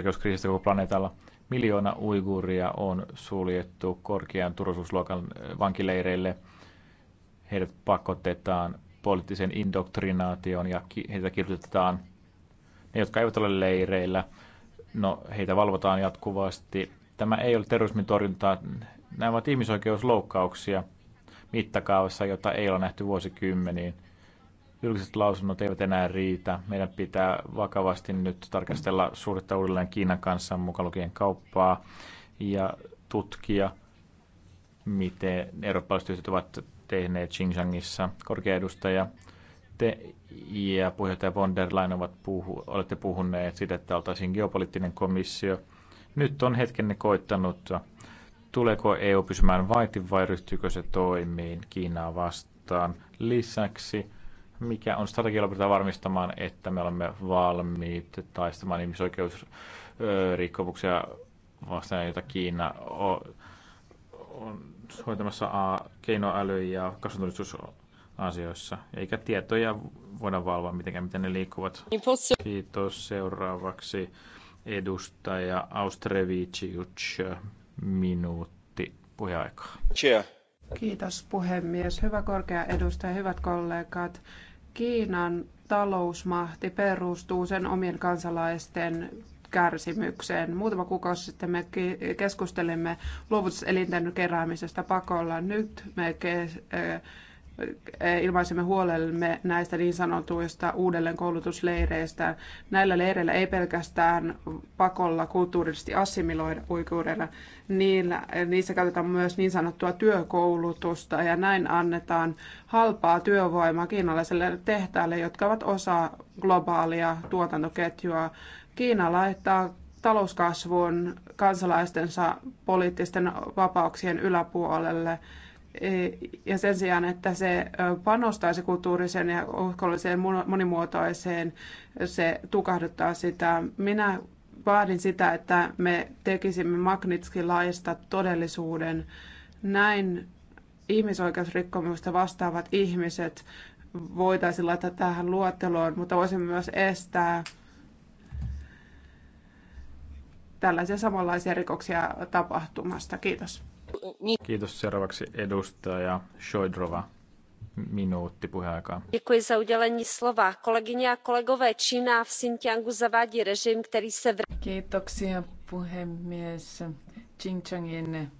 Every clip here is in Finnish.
ihmisoikeuskriisistä koko planeetalla. Miljoona uiguuria on suljettu korkean turvallisuusluokan eh, vankileireille. Heidät pakotetaan poliittisen indoktrinaation ja heitä kirjoitetaan ne, jotka eivät ole leireillä. No, heitä valvotaan jatkuvasti. Tämä ei ole terrorismin torjuntaa. Nämä ovat ihmisoikeusloukkauksia mittakaavassa, jota ei ole nähty vuosikymmeniin julkiset lausunnot eivät enää riitä. Meidän pitää vakavasti nyt tarkastella suhdetta uudelleen Kiinan kanssa mukaan lukien kauppaa ja tutkia, miten eurooppalaiset yhtiöt ovat tehneet Xinjiangissa. Korkea edustaja, te ja puheenjohtaja von der Leyen ovat puhu, olette puhuneet siitä, että oltaisiin geopoliittinen komissio. Nyt on hetkenne koittanut. Tuleeko EU pysymään vaiti vai ryhtyykö se toimiin Kiinaa vastaan? Lisäksi mikä on strategialla pyritään varmistamaan, että me olemme valmiit taistamaan ihmisoikeusrikkomuksia vastaan, joita Kiina on, hoitamassa keinoäly- ja kasvatustunnistusasioissa, eikä tietoja voida valvoa mitenkään, miten ne liikkuvat. Kiitos. Seuraavaksi edustaja Austrevicius, minuutti puheaikaa. Kiitos puhemies. Hyvä korkea edustaja, hyvät kollegat. Kiinan talousmahti perustuu sen omien kansalaisten kärsimykseen. Muutama kuukausi sitten me keskustelimme luovutuselinten keräämisestä pakolla. Nyt me ilmaisemme huolemme näistä niin sanotuista uudelleenkoulutusleireistä. Näillä leireillä ei pelkästään pakolla kulttuurisesti assimiloida uikuudella, niillä, niissä käytetään myös niin sanottua työkoulutusta ja näin annetaan halpaa työvoimaa kiinalaisille tehtaille, jotka ovat osa globaalia tuotantoketjua. Kiina laittaa talouskasvun kansalaistensa poliittisten vapauksien yläpuolelle – ja sen sijaan, että se panostaisi kulttuuriseen ja uskolliseen monimuotoiseen, se tukahduttaa sitä. Minä vaadin sitä, että me tekisimme Magnitskilaista todellisuuden. Näin ihmisoikeusrikkomusta vastaavat ihmiset voitaisiin laittaa tähän luetteloon, mutta voisimme myös estää tällaisia samanlaisia rikoksia tapahtumasta. Kiitos. Kiitos seuraavaksi edustaja Shoidrova. Minuutti puheaikaa. Děkuji za udělení slova. Kolegyně a kolegové, Čína v Xinjiangu zavádí režim, který se... Kiitoksia puhemies. Xinjiangin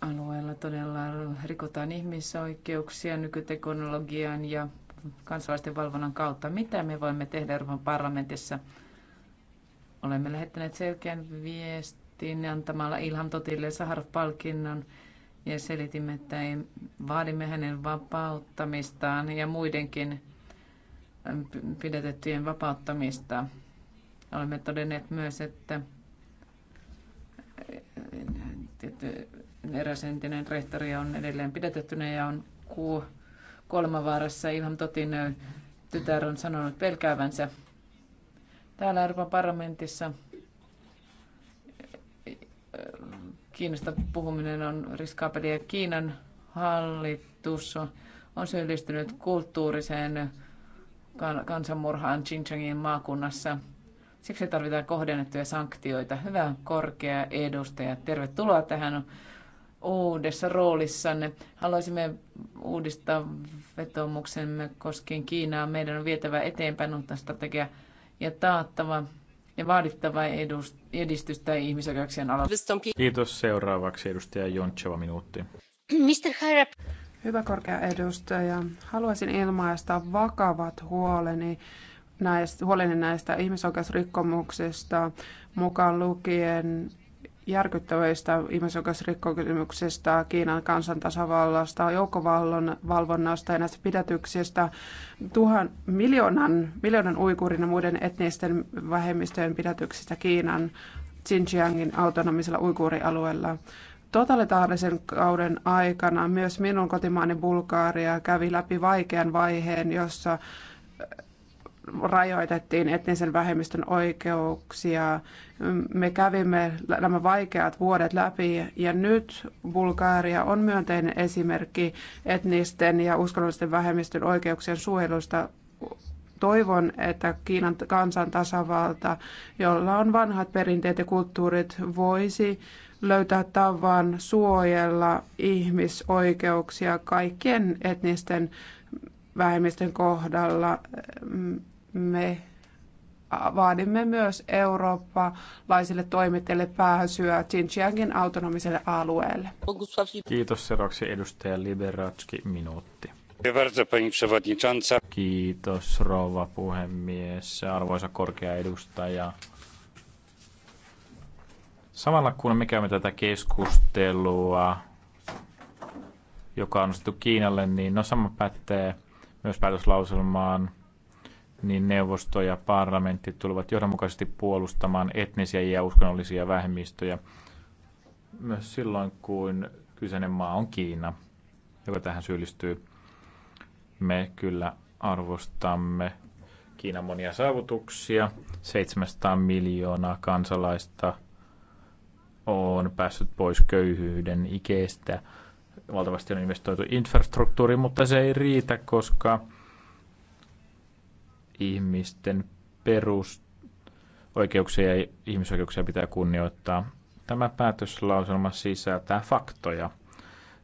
alueella todella rikotaan ihmisoikeuksia nykyteknologian ja kansalaisten valvonnan kautta. Mitä me voimme tehdä Euroopan parlamentissa? Olemme lähettäneet selkeän viestin aloitettiin antamalla Ilham Totille Saharov-palkinnon ja selitimme, että ei, vaadimme hänen vapauttamistaan ja muidenkin ähm, pidetettyjen vapauttamista. Olemme todenneet myös, äh, että eräs entinen rehtori on edelleen pidetettynä ja on kuu kolmavaarassa. Ilham Totin äh, tytär on sanonut pelkäävänsä täällä Euroopan parlamentissa Kiinasta puhuminen on riskaapeliä. Kiinan hallitus on syyllistynyt kulttuuriseen kansanmurhaan Xinjiangin maakunnassa. Siksi tarvitaan kohdennettuja sanktioita. Hyvä korkea edustaja, tervetuloa tähän uudessa roolissanne. Haluaisimme uudistaa vetomuksemme koskien Kiinaa. Meidän on vietävä eteenpäin uutta strategiaa ja taattava ja vaadittava edistystä ihmisoikeuksien alalla. Kiitos. Seuraavaksi edustaja Jontseva minuutti. Mr. Harap. Hyvä korkea edustaja, haluaisin ilmaista vakavat huoleni näistä, huoleni näistä ihmisoikeusrikkomuksista, mukaan lukien järkyttävistä ihmisoikeusrikkomuksista Kiinan kansantasavallasta, joukkovalvonnasta ja näistä pidätyksistä. Tuhan, miljoonan, miljoonan uikurin ja muiden etnisten vähemmistöjen pidätyksistä Kiinan Xinjiangin autonomisella uikuurialueella. Totalitaarisen kauden aikana myös minun kotimaani Bulgaaria kävi läpi vaikean vaiheen, jossa rajoitettiin etnisen vähemmistön oikeuksia. Me kävimme nämä vaikeat vuodet läpi ja nyt Bulgaria on myönteinen esimerkki etnisten ja uskonnollisten vähemmistön oikeuksien suojelusta. Toivon, että Kiinan kansan tasavalta, jolla on vanhat perinteet ja kulttuurit, voisi löytää tavan suojella ihmisoikeuksia kaikkien etnisten vähemmistön kohdalla me vaadimme myös eurooppalaisille toimittajille pääsyä Xinjiangin autonomiselle alueelle. Kiitos seuraavaksi edustaja Liberatski minuutti. Kiitos rouva puhemies, arvoisa korkea edustaja. Samalla kun me käymme tätä keskustelua, joka on nostettu Kiinalle, niin no sama pätee myös päätöslauselmaan – niin neuvosto ja parlamentti tulevat johdonmukaisesti puolustamaan etnisiä ja uskonnollisia vähemmistöjä myös silloin, kun kyseinen maa on Kiina, joka tähän syyllistyy. Me kyllä arvostamme Kiinan monia saavutuksia. 700 miljoonaa kansalaista on päässyt pois köyhyyden ikeestä. Valtavasti on investoitu infrastruktuuriin, mutta se ei riitä, koska ihmisten perusoikeuksia ja ihmisoikeuksia pitää kunnioittaa. Tämä päätöslauselma sisältää faktoja.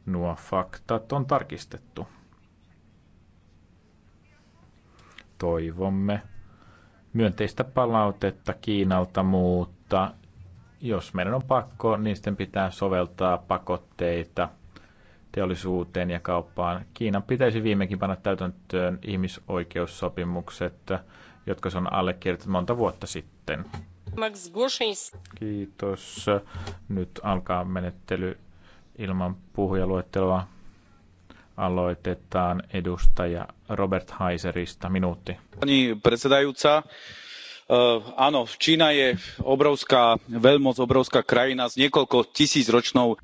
Nuo faktat on tarkistettu. Toivomme myönteistä palautetta Kiinalta, mutta jos meidän on pakko, niin sitten pitää soveltaa pakotteita – teollisuuteen ja kauppaan. Kiinan pitäisi viimekin panna täytäntöön ihmisoikeussopimukset, jotka se on allekirjoitettu monta vuotta sitten. Kiitos. Nyt alkaa menettely ilman puhujaluettelua. Aloitetaan edustaja Robert Heiserista. Minuutti. Pani predsedajúca, eh, áno, Čína je obrovská veľmoc, obrovská krajina s niekoľko tisícročnou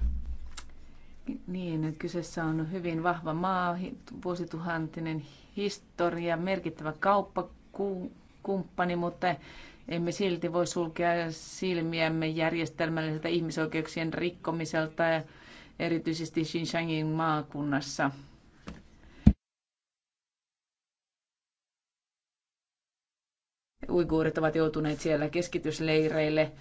niin, kyseessä on hyvin vahva maa, vuosituhantinen historia, merkittävä kauppakumppani, mutta emme silti voi sulkea silmiämme järjestelmälliseltä ihmisoikeuksien rikkomiselta ja erityisesti Xinjiangin maakunnassa. Uiguurit ovat joutuneet siellä keskitysleireille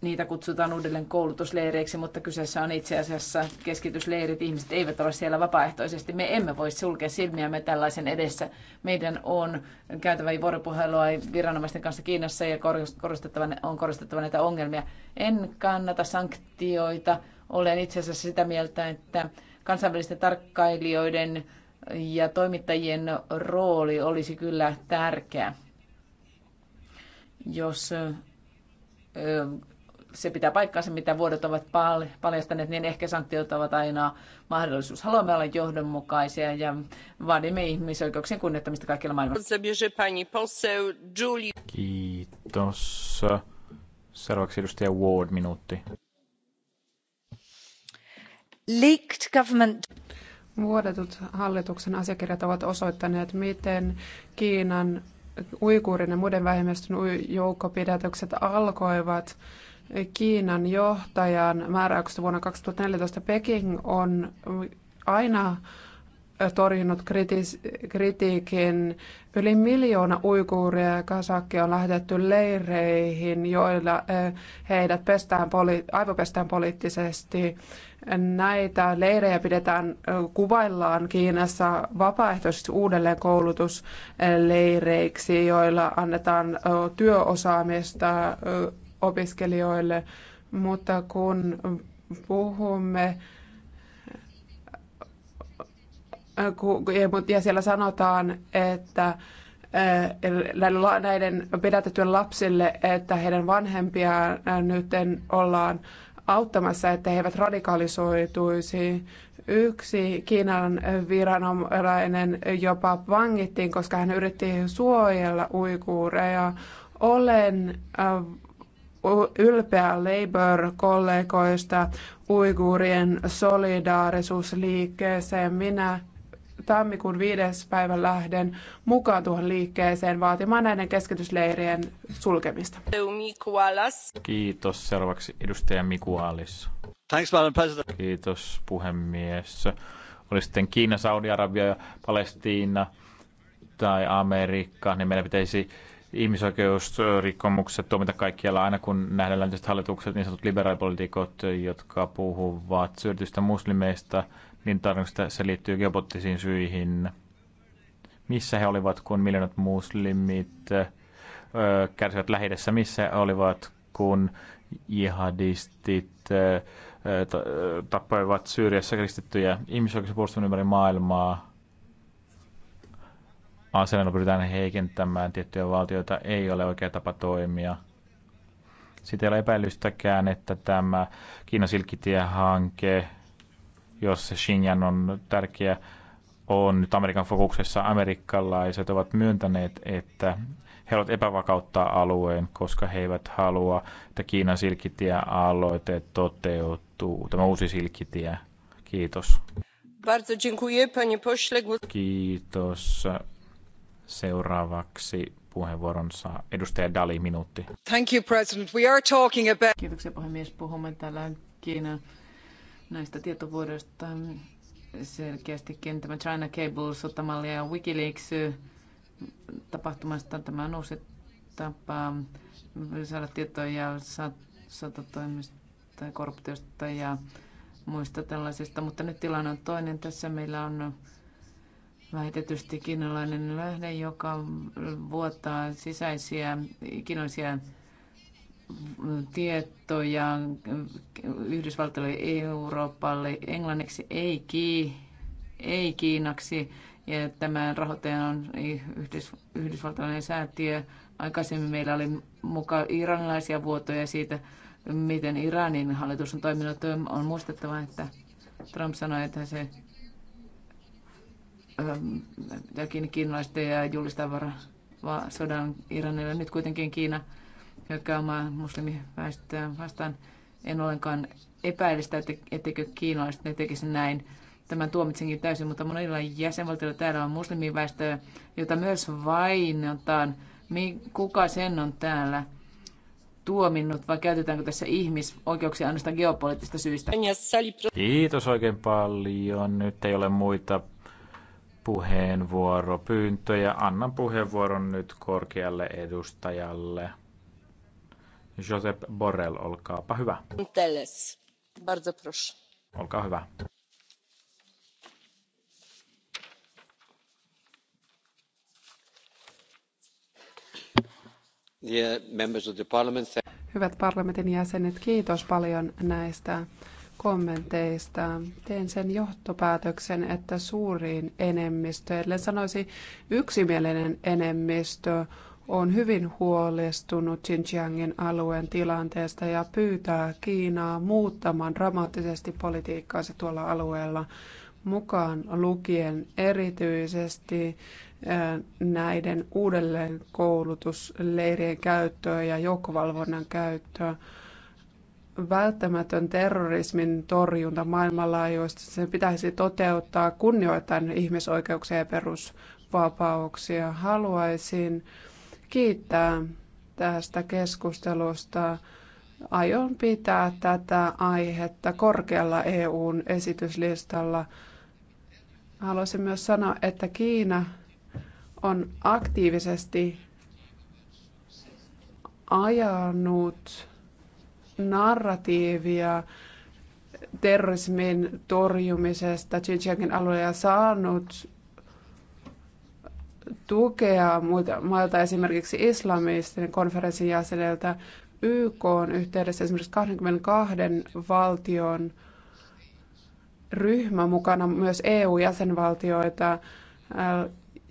niitä kutsutaan uudelleen koulutusleireiksi, mutta kyseessä on itse asiassa keskitysleirit. Ihmiset eivät ole siellä vapaaehtoisesti. Me emme voi sulkea silmiämme tällaisen edessä. Meidän on käytävä vuoropuhelua viranomaisten kanssa Kiinassa ja korostettava, on korostettava näitä ongelmia. En kannata sanktioita. Olen itse asiassa sitä mieltä, että kansainvälisten tarkkailijoiden ja toimittajien rooli olisi kyllä tärkeä. Jos se pitää paikkaansa, mitä vuodet ovat paljastaneet, niin ehkä sanktiot ovat aina mahdollisuus. Haluamme olla johdonmukaisia ja vaadimme ihmisoikeuksien kunnioittamista kaikilla maailmassa. Kiitos. Seuraavaksi edustaja Ward, minuutti. Leaked government. Vuodetut hallituksen asiakirjat ovat osoittaneet, miten Kiinan uikuurin ja muiden vähemmistön joukkopidätykset alkoivat Kiinan johtajan määräyksestä vuonna 2014 Peking on aina torjunut kritis- kritiikin. Yli miljoona uiguuria ja kasakkia on lähetetty leireihin, joilla eh, heidät pestään poli- aivopestään poliittisesti. Näitä leirejä pidetään eh, kuvaillaan Kiinassa vapaaehtoisiksi uudelleenkoulutusleireiksi, joilla annetaan eh, työosaamista opiskelijoille, mutta kun puhumme ja siellä sanotaan, että näiden pidätettyjen lapsille, että heidän vanhempiaan nyt ollaan auttamassa, että he eivät radikalisoituisi. Yksi Kiinan viranomainen jopa vangittiin, koska hän yritti suojella uikuureja. Olen ylpeä Labour-kollegoista uiguurien solidaarisuusliikkeeseen. Minä tammikuun viides päivä lähden mukaan tuohon liikkeeseen vaatimaan näiden keskitysleirien sulkemista. Kiitos. Seuraavaksi edustaja Mikualis. Thanks, Madam President. Kiitos, puhemies. Oli sitten Kiina, Saudi-Arabia, Palestiina tai Amerikka, niin meidän pitäisi ihmisoikeusrikkomukset tuomita kaikkialla, aina kun nähdään läntiset hallitukset, niin sanotut liberaalipolitiikot, jotka puhuvat syrjitystä muslimeista, niin tarkoituksesta se liittyy geopoliittisiin syihin. Missä he olivat, kun miljoonat muslimit ö, kärsivät lähidessä? Missä he olivat, kun jihadistit ö, tappoivat Syyriassa kristittyjä ihmisoikeuksien puolustaminen ympäri maailmaa? asemilla pyritään heikentämään tiettyjä valtioita, ei ole oikea tapa toimia. Sitä ei ole epäilystäkään, että tämä Kiinan silkkitiehanke, jos jossa Xinjiang on tärkeä, on nyt Amerikan fokuksessa. Amerikkalaiset ovat myöntäneet, että he ovat epävakauttaa alueen, koska he eivät halua, että Kiinan silkkitie-aloite toteutuu, tämä uusi silkkitie. Kiitos. Kiitos. Seuraavaksi puheenvuoronsa edustaja Dali minuutti. Thank you, President. We are talking about... Kiitoksia puhemies. Puhumme täällä Kiinan näistä tietovuodoista selkeästikin tämä China Cable sotamalli ja Wikileaks tapahtumasta tämä nousi tapa saada tietoja sotatoimista ja korruptiosta ja muista tällaisista, mutta nyt tilanne on toinen. Tässä meillä on väitetysti kiinalainen lähde, joka vuottaa sisäisiä kiinalaisia tietoja Yhdysvaltoille, Euroopalle, englanniksi ei, ki, ei Kiinaksi. Ja tämän rahoittaja on Yhdys, yhdysvaltalainen säätiö. Aikaisemmin meillä oli mukaan iranilaisia vuotoja siitä, miten Iranin hallitus on toiminut. On muistettava, että Trump sanoi, että se jotakin kiinalaista ja julistaa vaan va, sodan Iranille. Nyt kuitenkin Kiina hyökkää omaa muslimiväestöä vastaan. En ollenkaan epäilistä, sitä, etteikö kiinalaiset ne tekisi näin. Tämän tuomitsinkin täysin, mutta monilla jäsenvaltioilla täällä on muslimiväestöä, jota myös vainotaan. Kuka sen on täällä tuominnut vai käytetäänkö tässä ihmisoikeuksia ainoastaan geopoliittista syistä? Kiitos oikein paljon. Nyt ei ole muita puheenvuoropyyntöjä. Annan puheenvuoron nyt korkealle edustajalle. Josep Borrell, olkaapa hyvä. Teles. Bardzo proszę. Olkaa hyvä. Hyvät parlamentin jäsenet, kiitos paljon näistä kommenteista. Teen sen johtopäätöksen, että suurin enemmistö, ellen sanoisi yksimielinen enemmistö, on hyvin huolestunut Xinjiangin alueen tilanteesta ja pyytää Kiinaa muuttamaan dramaattisesti politiikkaansa tuolla alueella mukaan lukien erityisesti äh, näiden uudelleenkoulutusleirien käyttöä ja joukkovalvonnan käyttöä välttämätön terrorismin torjunta maailmanlaajuisesti. Sen pitäisi toteuttaa kunnioittain ihmisoikeuksia ja perusvapauksia. Haluaisin kiittää tästä keskustelusta. Aion pitää tätä aihetta korkealla EUn esityslistalla. Haluaisin myös sanoa, että Kiina on aktiivisesti ajanut narratiivia terrorismin torjumisesta Tsitsäkin alueella saanut tukea muilta mailta, esimerkiksi islamistinen konferenssin jäseneltä YK on yhteydessä esimerkiksi 22 valtion ryhmä mukana myös EU-jäsenvaltioita äh,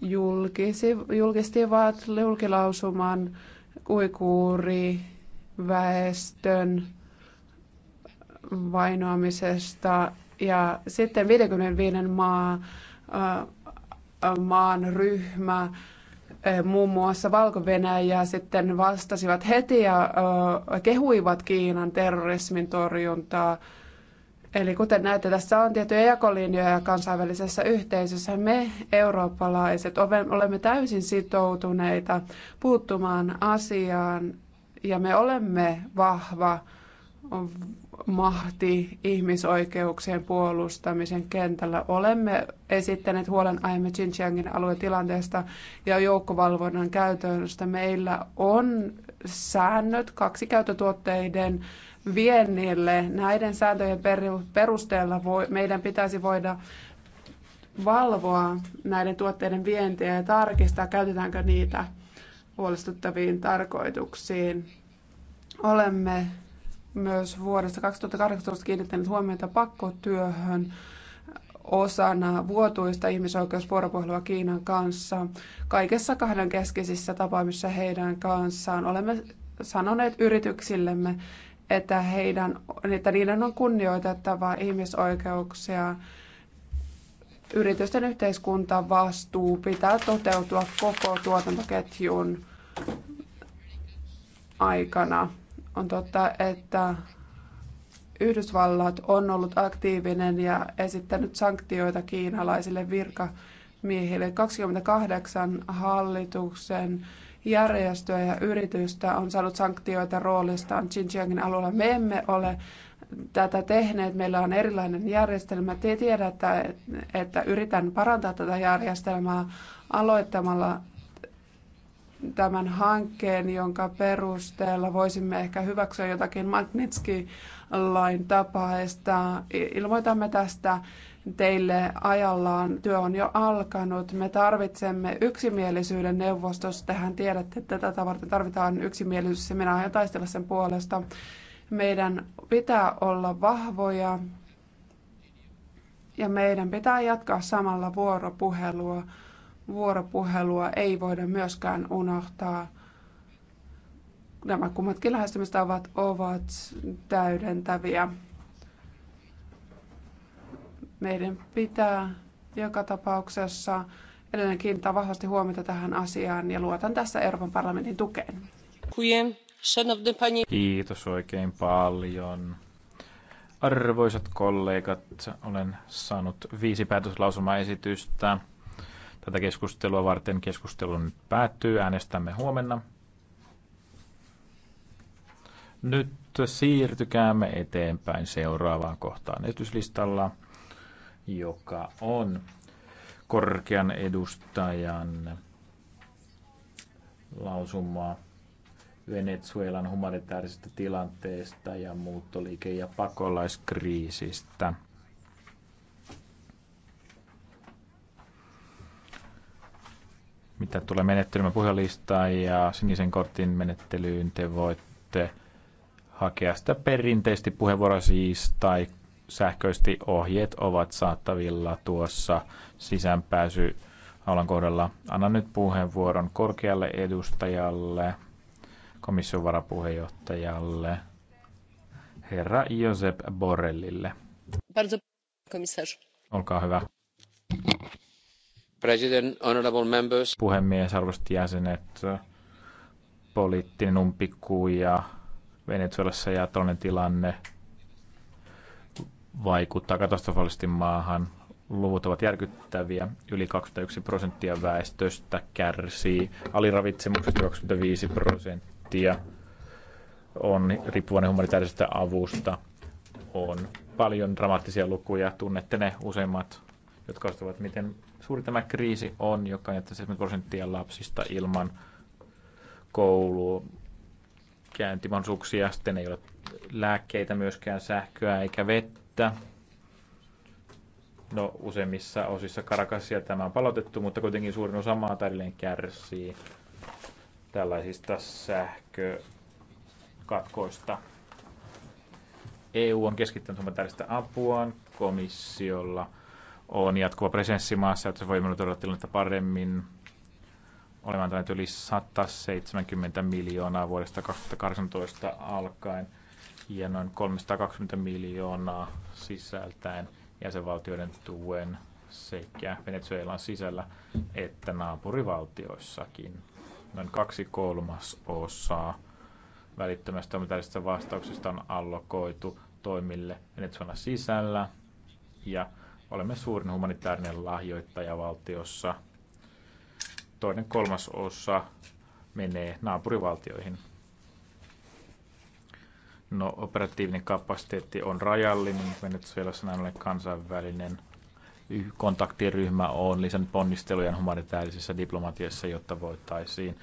julkisti, julkistivat julkilausuman uikuuri väestön vainoamisesta ja sitten 55 maa, maan ryhmä muun muassa valko ja sitten vastasivat heti ja kehuivat Kiinan terrorismin torjuntaa. Eli kuten näette, tässä on tiettyjä jakolinjoja kansainvälisessä yhteisössä. Me eurooppalaiset olemme täysin sitoutuneita puuttumaan asiaan ja me olemme vahva mahti ihmisoikeuksien puolustamisen kentällä. Olemme esittäneet huolen aiemmin Xinjiangin aluetilanteesta ja joukkovalvonnan käytöstä. Meillä on säännöt kaksi käyttötuotteiden viennille. Näiden sääntöjen perusteella meidän pitäisi voida valvoa näiden tuotteiden vientiä ja tarkistaa, käytetäänkö niitä huolestuttaviin tarkoituksiin. Olemme myös vuodesta 2018 kiinnittäneet huomiota pakkotyöhön osana vuotuista ihmisoikeusvuoropuhelua Kiinan kanssa. Kaikessa kahdenkeskisissä tapaamisissa heidän kanssaan olemme sanoneet yrityksillemme, että, heidän, että niiden on kunnioitettava ihmisoikeuksia Yritysten yhteiskuntavastuu pitää toteutua koko tuotantoketjun aikana. On totta, että Yhdysvallat on ollut aktiivinen ja esittänyt sanktioita kiinalaisille virkamiehille. 28 hallituksen järjestöä ja yritystä on saanut sanktioita roolistaan Xinjiangin alueella. Me emme ole tätä tehneet. Meillä on erilainen järjestelmä. Te tiedätte, että yritän parantaa tätä järjestelmää aloittamalla tämän hankkeen, jonka perusteella voisimme ehkä hyväksyä jotakin magnitsky lain tapaista. Ilmoitamme tästä teille ajallaan. Työ on jo alkanut. Me tarvitsemme yksimielisyyden neuvostossa. Tähän tiedätte, että tätä varten tarvitaan yksimielisyys minä aion taistella sen puolesta. Meidän pitää olla vahvoja ja meidän pitää jatkaa samalla vuoropuhelua. Vuoropuhelua ei voida myöskään unohtaa. Nämä kummatkin lähestymistavat ovat täydentäviä. Meidän pitää joka tapauksessa edelleen kiinnittää vahvasti huomiota tähän asiaan ja luotan tässä Euroopan parlamentin tukeen. Kujen. Kiitos oikein paljon. Arvoisat kollegat, olen saanut viisi päätöslausumaesitystä. Tätä keskustelua varten keskustelu nyt päättyy. Äänestämme huomenna. Nyt siirtykäämme eteenpäin seuraavaan kohtaan esityslistalla, joka on korkean edustajan lausumaa Venezuelan humanitaarisesta tilanteesta ja muuttoliike- ja pakolaiskriisistä. Mitä tulee menettelemään puhelistaan ja sinisen kortin menettelyyn, te voitte hakea sitä perinteisesti puheenvuoroa siis tai sähköisesti ohjeet ovat saattavilla tuossa sisäänpääsy aulan kohdalla. Anna nyt puheenvuoron korkealle edustajalle komission varapuheenjohtajalle, herra Josep Borrellille. Bardzo, Olkaa hyvä. President, honorable members. Puhemies, arvostit jäsenet, poliittinen ja Venezuelassa ja toinen tilanne vaikuttaa katastrofaalisesti maahan. Luvut ovat järkyttäviä. Yli 21 prosenttia väestöstä kärsii aliravitsemuksesta 25 prosenttia prosenttia on riippuvainen humanitaarisesta avusta. On paljon dramaattisia lukuja, tunnette ne useimmat, jotka ostavat, miten suuri tämä kriisi on, joka jättää 70 prosenttia lapsista ilman koulua, käyntimahdollisuuksia, sitten ei ole lääkkeitä myöskään, sähköä eikä vettä. No useimmissa osissa Karakasia tämä on palautettu, mutta kuitenkin suurin osa maata edelleen kärsii tällaisista sähkökatkoista. EU on keskittänyt humanitaarista apuaan komissiolla. On jatkuva presenssi maassa, että se voi todella tilannetta paremmin. Olemme tänne yli 170 miljoonaa vuodesta 2018 alkaen ja noin 320 miljoonaa sisältäen jäsenvaltioiden tuen sekä Venezuelan sisällä että naapurivaltioissakin noin kaksi kolmasosaa välittömästä toimintavälisestä vastauksesta on allokoitu toimille Venezuelan sisällä ja olemme suurin humanitaarinen lahjoittaja valtiossa. Toinen kolmasosa menee naapurivaltioihin. No, operatiivinen kapasiteetti on rajallinen, Venezuelassa näin ollen kansainvälinen kontaktiryhmä on lisännyt ponnisteluja humanitaarisessa diplomatiassa, jotta voitaisiin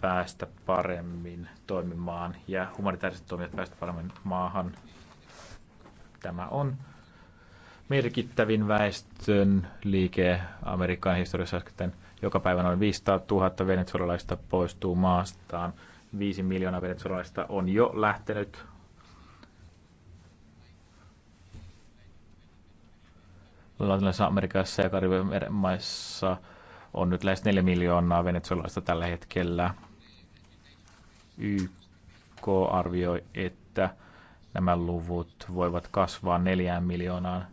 päästä paremmin toimimaan ja humanitaariset toimijat päästä paremmin maahan. Tämä on merkittävin väestön liike Amerikan historiassa äsken. Joka päivä noin 500 000 venezuelalaista poistuu maastaan. 5 miljoonaa venezuelalaista on jo lähtenyt Latinalaisessa Amerikassa ja Karibian maissa on nyt lähes 4 miljoonaa venezuelalaista tällä hetkellä. YK arvioi, että nämä luvut voivat kasvaa neljään miljoonaan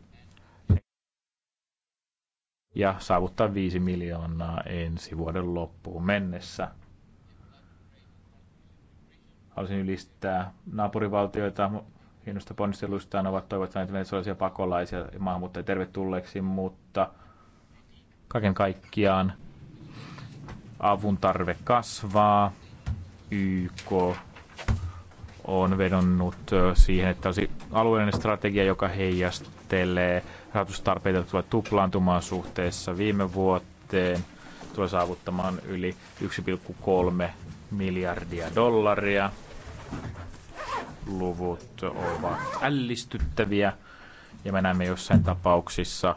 ja saavuttaa 5 miljoonaa ensi vuoden loppuun mennessä. Haluaisin ylistää naapurivaltioita hienosta ponnistelustaan ovat toivottaneet venezuelaisia pakolaisia ja maahanmuuttajia tervetulleeksi, mutta kaiken kaikkiaan avun tarve kasvaa. YK on vedonnut siihen, että olisi alueellinen strategia, joka heijastelee rahoitustarpeita, jotka tulevat tuplaantumaan suhteessa viime vuoteen, tulee saavuttamaan yli 1,3 miljardia dollaria luvut ovat ällistyttäviä ja me näemme jossain tapauksissa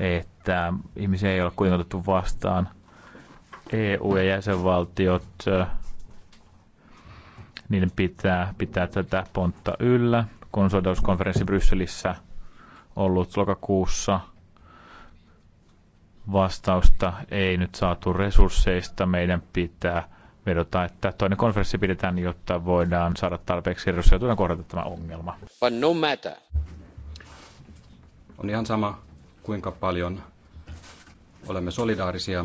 että ihmisiä ei ole kuitenkaan otettu vastaan. EU ja jäsenvaltiot, niiden pitää pitää tätä pontta yllä. Konsolidauskonferenssi Brysselissä ollut lokakuussa – vastausta ei nyt saatu resursseista. Meidän pitää vedota, että toinen konferenssi pidetään, jotta voidaan saada tarpeeksi resursseja ja kohdata tämä ongelma. But no matter. On ihan sama, kuinka paljon olemme solidaarisia.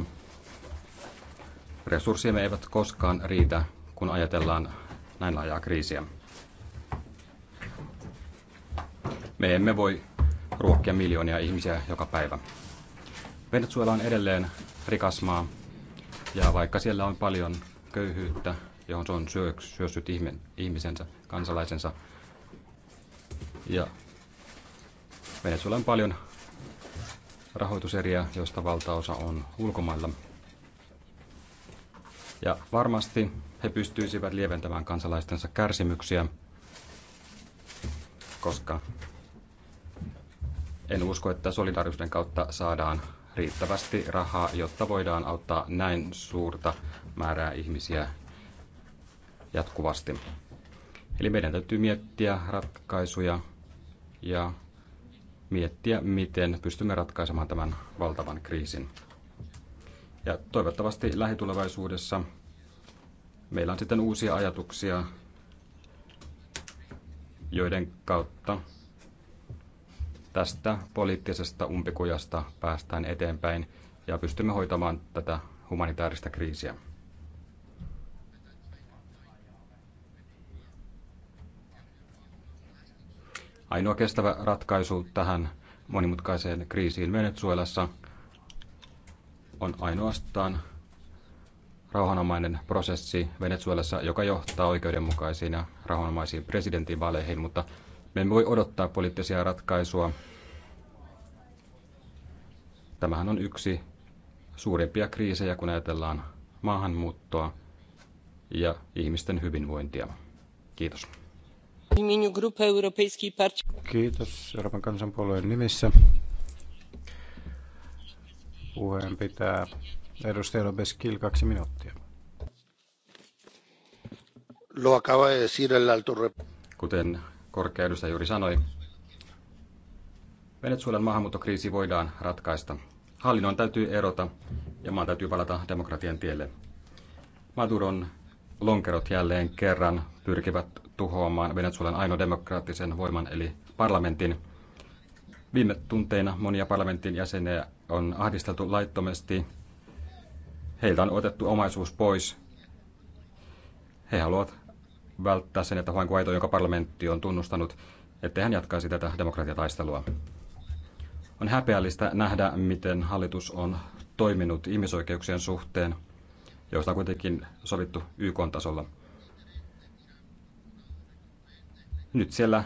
Resurssiemme eivät koskaan riitä, kun ajatellaan näin laajaa kriisiä. Me emme voi ruokkia miljoonia ihmisiä joka päivä. Venezuela on edelleen rikas maa, ja vaikka siellä on paljon köyhyyttä, johon se on syössyt ihmisensä, kansalaisensa, ja Venezuela on paljon rahoituseriä, joista valtaosa on ulkomailla. Ja varmasti he pystyisivät lieventämään kansalaistensa kärsimyksiä, koska en usko, että solidaarisuuden kautta saadaan riittävästi rahaa, jotta voidaan auttaa näin suurta määrää ihmisiä jatkuvasti. Eli meidän täytyy miettiä ratkaisuja ja miettiä, miten pystymme ratkaisemaan tämän valtavan kriisin. Ja toivottavasti lähitulevaisuudessa meillä on sitten uusia ajatuksia, joiden kautta tästä poliittisesta umpikujasta päästään eteenpäin ja pystymme hoitamaan tätä humanitaarista kriisiä. Ainoa kestävä ratkaisu tähän monimutkaiseen kriisiin Venezuelassa on ainoastaan rauhanomainen prosessi Venezuelassa, joka johtaa oikeudenmukaisiin ja rauhanomaisiin presidentinvaaleihin, mutta me emme voi odottaa poliittisia ratkaisua. Tämähän on yksi suurimpia kriisejä, kun ajatellaan maahanmuuttoa ja ihmisten hyvinvointia. Kiitos. Kiitos Euroopan kansanpuolueen nimissä. Puheen pitää edustaja Lobeskil kaksi minuuttia. Lo acaba de decir el alto Kuten korkea edustaja juuri sanoi, Venezuelan maahanmuuttokriisi voidaan ratkaista. Hallinnon täytyy erota ja maan täytyy palata demokratian tielle. Maduron lonkerot jälleen kerran pyrkivät tuhoamaan Venezuelan ainoa demokraattisen voiman eli parlamentin. Viime tunteina monia parlamentin jäseniä on ahdisteltu laittomasti. Heiltä on otettu omaisuus pois. He haluavat välttää sen, että Juan Guaido, jonka parlamentti on tunnustanut, ettei hän jatkaisi tätä demokratiataistelua. On häpeällistä nähdä, miten hallitus on toiminut ihmisoikeuksien suhteen, joista on kuitenkin sovittu YK-tasolla. Nyt siellä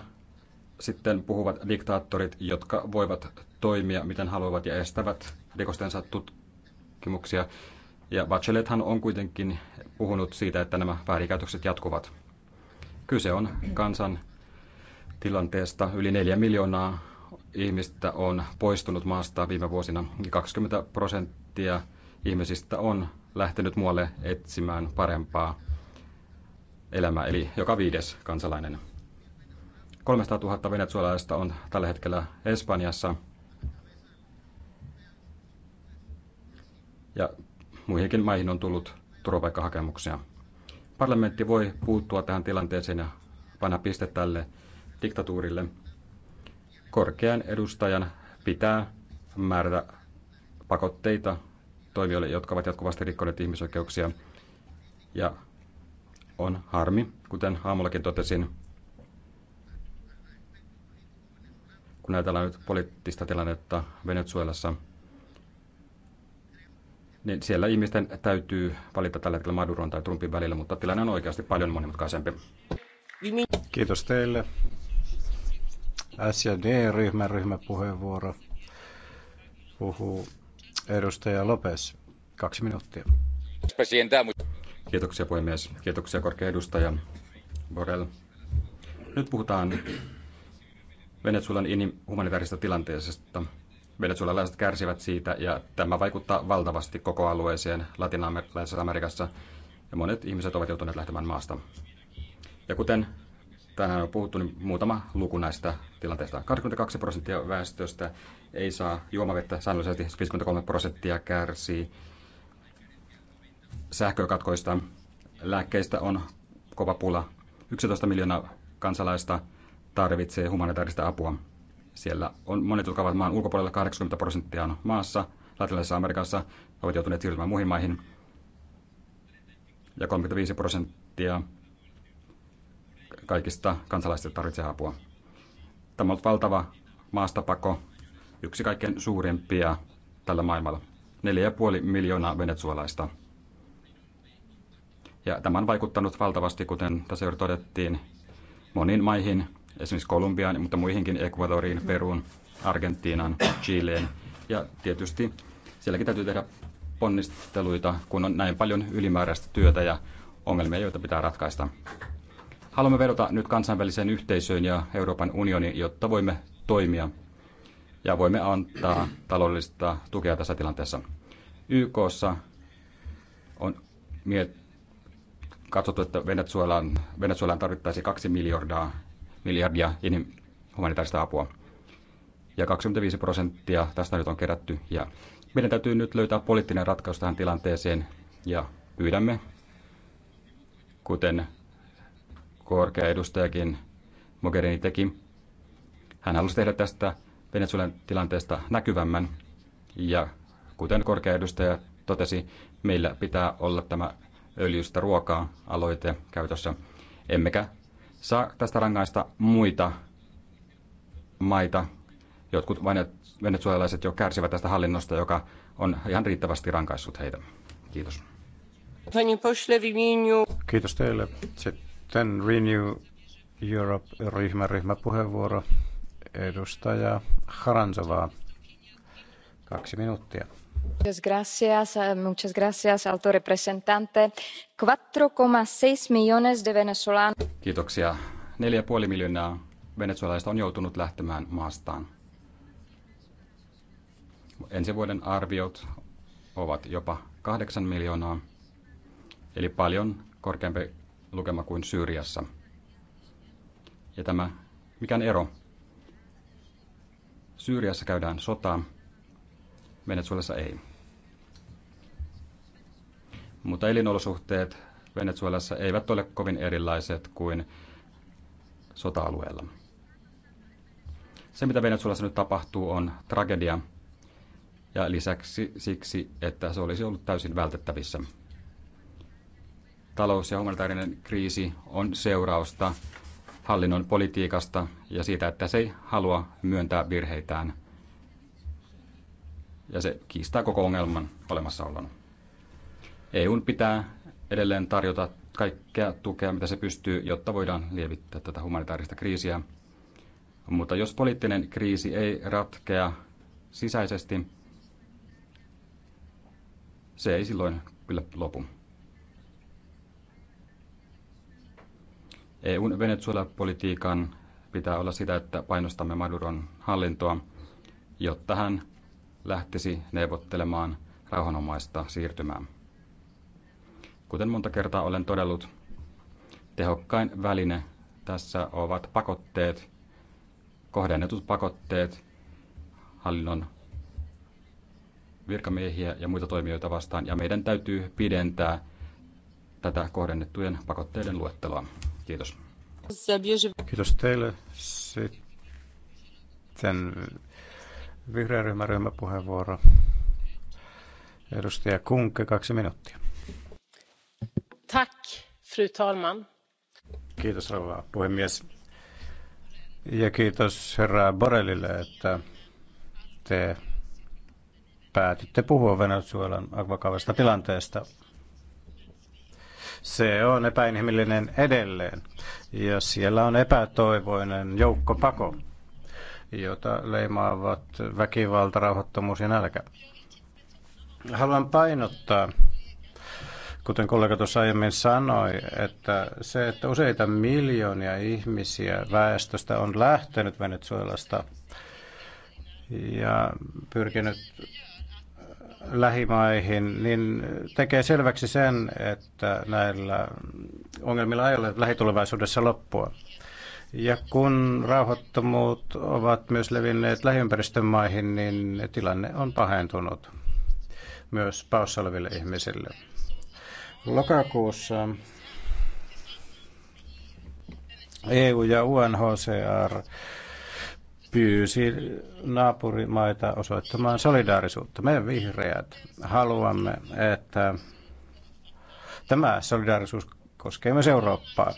sitten puhuvat diktaattorit, jotka voivat toimia miten haluavat ja estävät rikostensa tutkimuksia. Ja Bachelethan on kuitenkin puhunut siitä, että nämä väärinkäytökset jatkuvat. Kyse on kansan tilanteesta. Yli neljä miljoonaa ihmistä on poistunut maasta viime vuosina. 20 prosenttia ihmisistä on lähtenyt muualle etsimään parempaa elämää, eli joka viides kansalainen. 300 000 venezuelalaista on tällä hetkellä Espanjassa. Ja muihinkin maihin on tullut turvapaikkahakemuksia. Parlamentti voi puuttua tähän tilanteeseen ja panna piste tälle diktatuurille. Korkean edustajan pitää määrätä pakotteita toimijoille, jotka ovat jatkuvasti rikkoneet ihmisoikeuksia. Ja on harmi, kuten aamullakin totesin, kun ajatellaan nyt poliittista tilannetta Venezuelassa – niin siellä ihmisten täytyy valita tällä hetkellä Maduron tai Trumpin välillä, mutta tilanne on oikeasti paljon monimutkaisempi. Kiitos teille. SD-ryhmän ryhmäpuheenvuoro puhuu edustaja Lopes. Kaksi minuuttia. Kiitoksia puhemies. Kiitoksia korkea edustaja Borel. Nyt puhutaan Venezuelan humanitaarisesta tilanteesta venezuelalaiset kärsivät siitä ja tämä vaikuttaa valtavasti koko alueeseen Latinalaisessa Amerikassa ja monet ihmiset ovat joutuneet lähtemään maasta. Ja kuten tänään on puhuttu, niin muutama luku näistä tilanteista. 22 prosenttia väestöstä ei saa juomavettä säännöllisesti, 53 prosenttia kärsii sähkökatkoista, lääkkeistä on kova pula, 11 miljoonaa kansalaista tarvitsee humanitaarista apua. Siellä on monet, jotka ovat maan ulkopuolella, 80 prosenttia on maassa, Latinalaisessa Amerikassa ovat joutuneet siirtymään muihin maihin. Ja 35 prosenttia kaikista kansalaisista tarvitsee apua. Tämä on ollut valtava maastapako, yksi kaikkein suurimpia tällä maailmalla. 4,5 miljoonaa venezuelaista. Ja tämä on vaikuttanut valtavasti, kuten tässä todettiin, moniin maihin, esimerkiksi Kolumbiaan, mutta muihinkin Ecuadoriin, mm. Peruun, Argentiinan, Chileen. Ja tietysti sielläkin täytyy tehdä ponnisteluita, kun on näin paljon ylimääräistä työtä ja ongelmia, joita pitää ratkaista. Haluamme vedota nyt kansainväliseen yhteisöön ja Euroopan unioniin, jotta voimme toimia ja voimme antaa taloudellista tukea tässä tilanteessa. YKssa on miet- katsottu, että Venezuelaan, Venezuelaan tarvittaisiin kaksi miljardia miljardia humanitaarista apua. Ja 25 prosenttia tästä nyt on kerätty. Ja meidän täytyy nyt löytää poliittinen ratkaisu tähän tilanteeseen ja pyydämme, kuten korkea edustajakin Mogherini teki, hän halusi tehdä tästä Venezuelan tilanteesta näkyvämmän. Ja kuten korkea edustaja totesi, meillä pitää olla tämä öljystä ruokaa aloite käytössä, emmekä saa tästä rangaista muita maita. Jotkut venezuelalaiset jo kärsivät tästä hallinnosta, joka on ihan riittävästi rankaissut heitä. Kiitos. Kiitos teille. Sitten Renew europe ryhmä, ryhmäpuheenvuoro edustaja Haranzovaa. Kaksi minuuttia. Eh, Kiitoksia. Neljä puoli miljoonaa venezuelalaista on joutunut lähtemään maastaan. Ensi vuoden arviot ovat jopa kahdeksan miljoonaa, eli paljon korkeampi lukema kuin Syyriassa. Ja tämä, mikä ero? Syyriassa käydään sotaa, Venezuelassa ei. Mutta elinolosuhteet Venezuelassa eivät ole kovin erilaiset kuin sota-alueella. Se, mitä Venezuelassa nyt tapahtuu, on tragedia ja lisäksi siksi, että se olisi ollut täysin vältettävissä. Talous- ja humanitaarinen kriisi on seurausta hallinnon politiikasta ja siitä, että se ei halua myöntää virheitään ja se kiistää koko ongelman olemassaolon. EUn pitää edelleen tarjota kaikkea tukea, mitä se pystyy, jotta voidaan lievittää tätä humanitaarista kriisiä. Mutta jos poliittinen kriisi ei ratkea sisäisesti, se ei silloin kyllä lopu. EUn Venezuela-politiikan pitää olla sitä, että painostamme Maduron hallintoa, jotta hän lähtisi neuvottelemaan rauhanomaista siirtymää. Kuten monta kertaa olen todellut, tehokkain väline tässä ovat pakotteet, kohdennetut pakotteet hallinnon virkamiehiä ja muita toimijoita vastaan, ja meidän täytyy pidentää tätä kohdennettujen pakotteiden luetteloa. Kiitos. Kiitos teille. Sitten Vihreä ryhmä, ryhmäpuheenvuoro. Edustaja Kunke, kaksi minuuttia. Tack, fru talman. Kiitos rouva puhemies. Ja kiitos herra Borelille, että te päätitte puhua Venezuelan vakavasta tilanteesta. Se on epäinhimillinen edelleen ja siellä on epätoivoinen joukkopako jota leimaavat väkivalta, rauhattomuus ja nälkä. Haluan painottaa, kuten kollega tuossa aiemmin sanoi, että se, että useita miljoonia ihmisiä väestöstä on lähtenyt Venezuelasta ja pyrkinyt lähimaihin, niin tekee selväksi sen, että näillä ongelmilla ei ole lähitulevaisuudessa loppua. Ja kun rauhoittomuut ovat myös levinneet lähiympäristön maihin, niin tilanne on pahentunut myös paossa oleville ihmisille. Lokakuussa EU ja UNHCR pyysi naapurimaita osoittamaan solidaarisuutta. Me vihreät haluamme, että tämä solidaarisuus koskee myös Eurooppaa.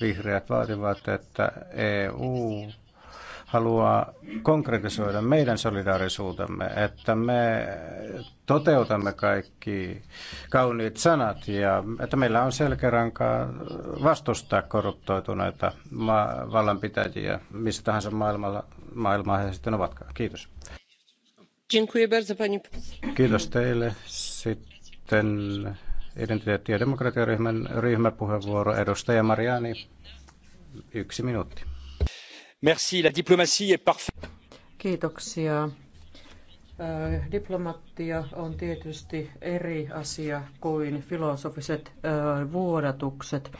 Vihreät vaativat, että EU haluaa konkretisoida meidän solidaarisuutemme, että me toteutamme kaikki kauniit sanat ja että meillä on selkärankaa vastustaa korruptoituneita ma- vallanpitäjiä missä tahansa maailmalla, maailmaa he sitten ovatkaan. Kiitos. Kiitos teille. Sitten identiteetti- ja demokratiaryhmän ryhmäpuheenvuoro. Edustaja Mariani, yksi minuutti. Merci, la diplomatie est parfait. Kiitoksia. Äh, Diplomattia on tietysti eri asia kuin filosofiset äh, vuodatukset.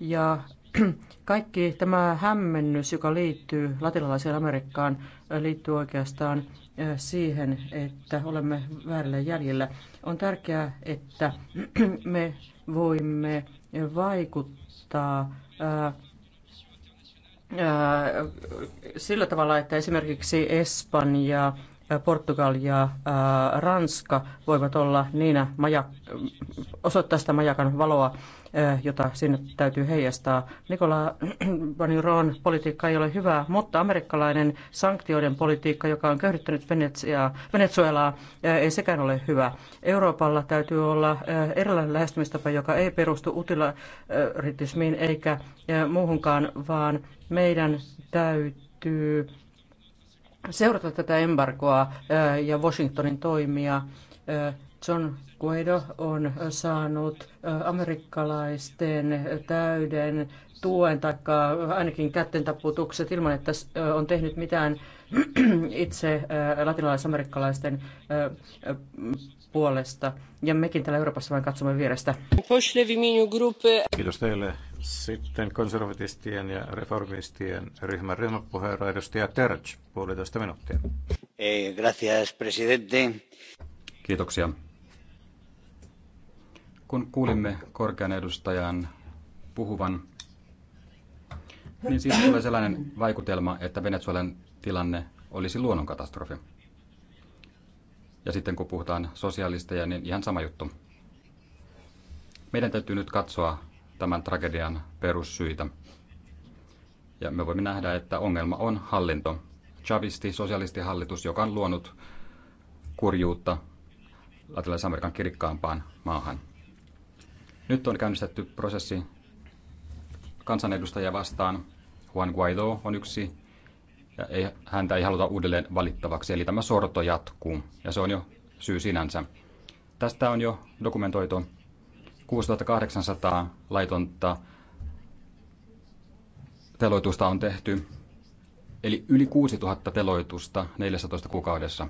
Ja kaikki tämä hämmennys, joka liittyy latinalaiseen Amerikkaan, äh, liittyy oikeastaan siihen, että olemme väärällä jäljellä. On tärkeää, että me voimme vaikuttaa sillä tavalla, että esimerkiksi Espanja, Portugal ja Ranska voivat olla niinä majak- osoittaa sitä majakan valoa jota sinne täytyy heijastaa. Nikola Vaniron politiikka ei ole hyvä, mutta amerikkalainen sanktioiden politiikka, joka on köyhdyttänyt Venetsiaa, Venezuelaa, ei sekään ole hyvä. Euroopalla täytyy olla erilainen lähestymistapa, joka ei perustu utilaritismiin eikä muuhunkaan, vaan meidän täytyy seurata tätä embargoa ja Washingtonin toimia. John Guaido on saanut amerikkalaisten täyden tuen tai ainakin kättentaputukset ilman, että on tehnyt mitään itse latinalaisamerikkalaisten puolesta. Ja mekin täällä Euroopassa vain katsomme vierestä. Kiitos teille sitten konservatistien ja reformistien ryhmän ryhmäpuheenjohtaja edustaja Terch, puolitoista minuuttia. Eh, gracias, presidente. Kiitoksia. Kun kuulimme korkean edustajan puhuvan, niin siinä tulee sellainen vaikutelma, että Venezuelan tilanne olisi luonnonkatastrofi. Ja sitten kun puhutaan sosiaalisteja, niin ihan sama juttu. Meidän täytyy nyt katsoa tämän tragedian perussyitä. Ja me voimme nähdä, että ongelma on hallinto. Chavisti, sosialistihallitus, joka on luonut kurjuutta Latinalaisen Amerikan kirikkaampaan maahan. Nyt on käynnistetty prosessi kansanedustajia vastaan. Juan Guaido on yksi, ja ei, häntä ei haluta uudelleen valittavaksi, eli tämä sorto jatkuu, ja se on jo syy sinänsä. Tästä on jo dokumentoitu 6800 laitonta teloitusta on tehty, eli yli 6000 teloitusta 14 kuukaudessa.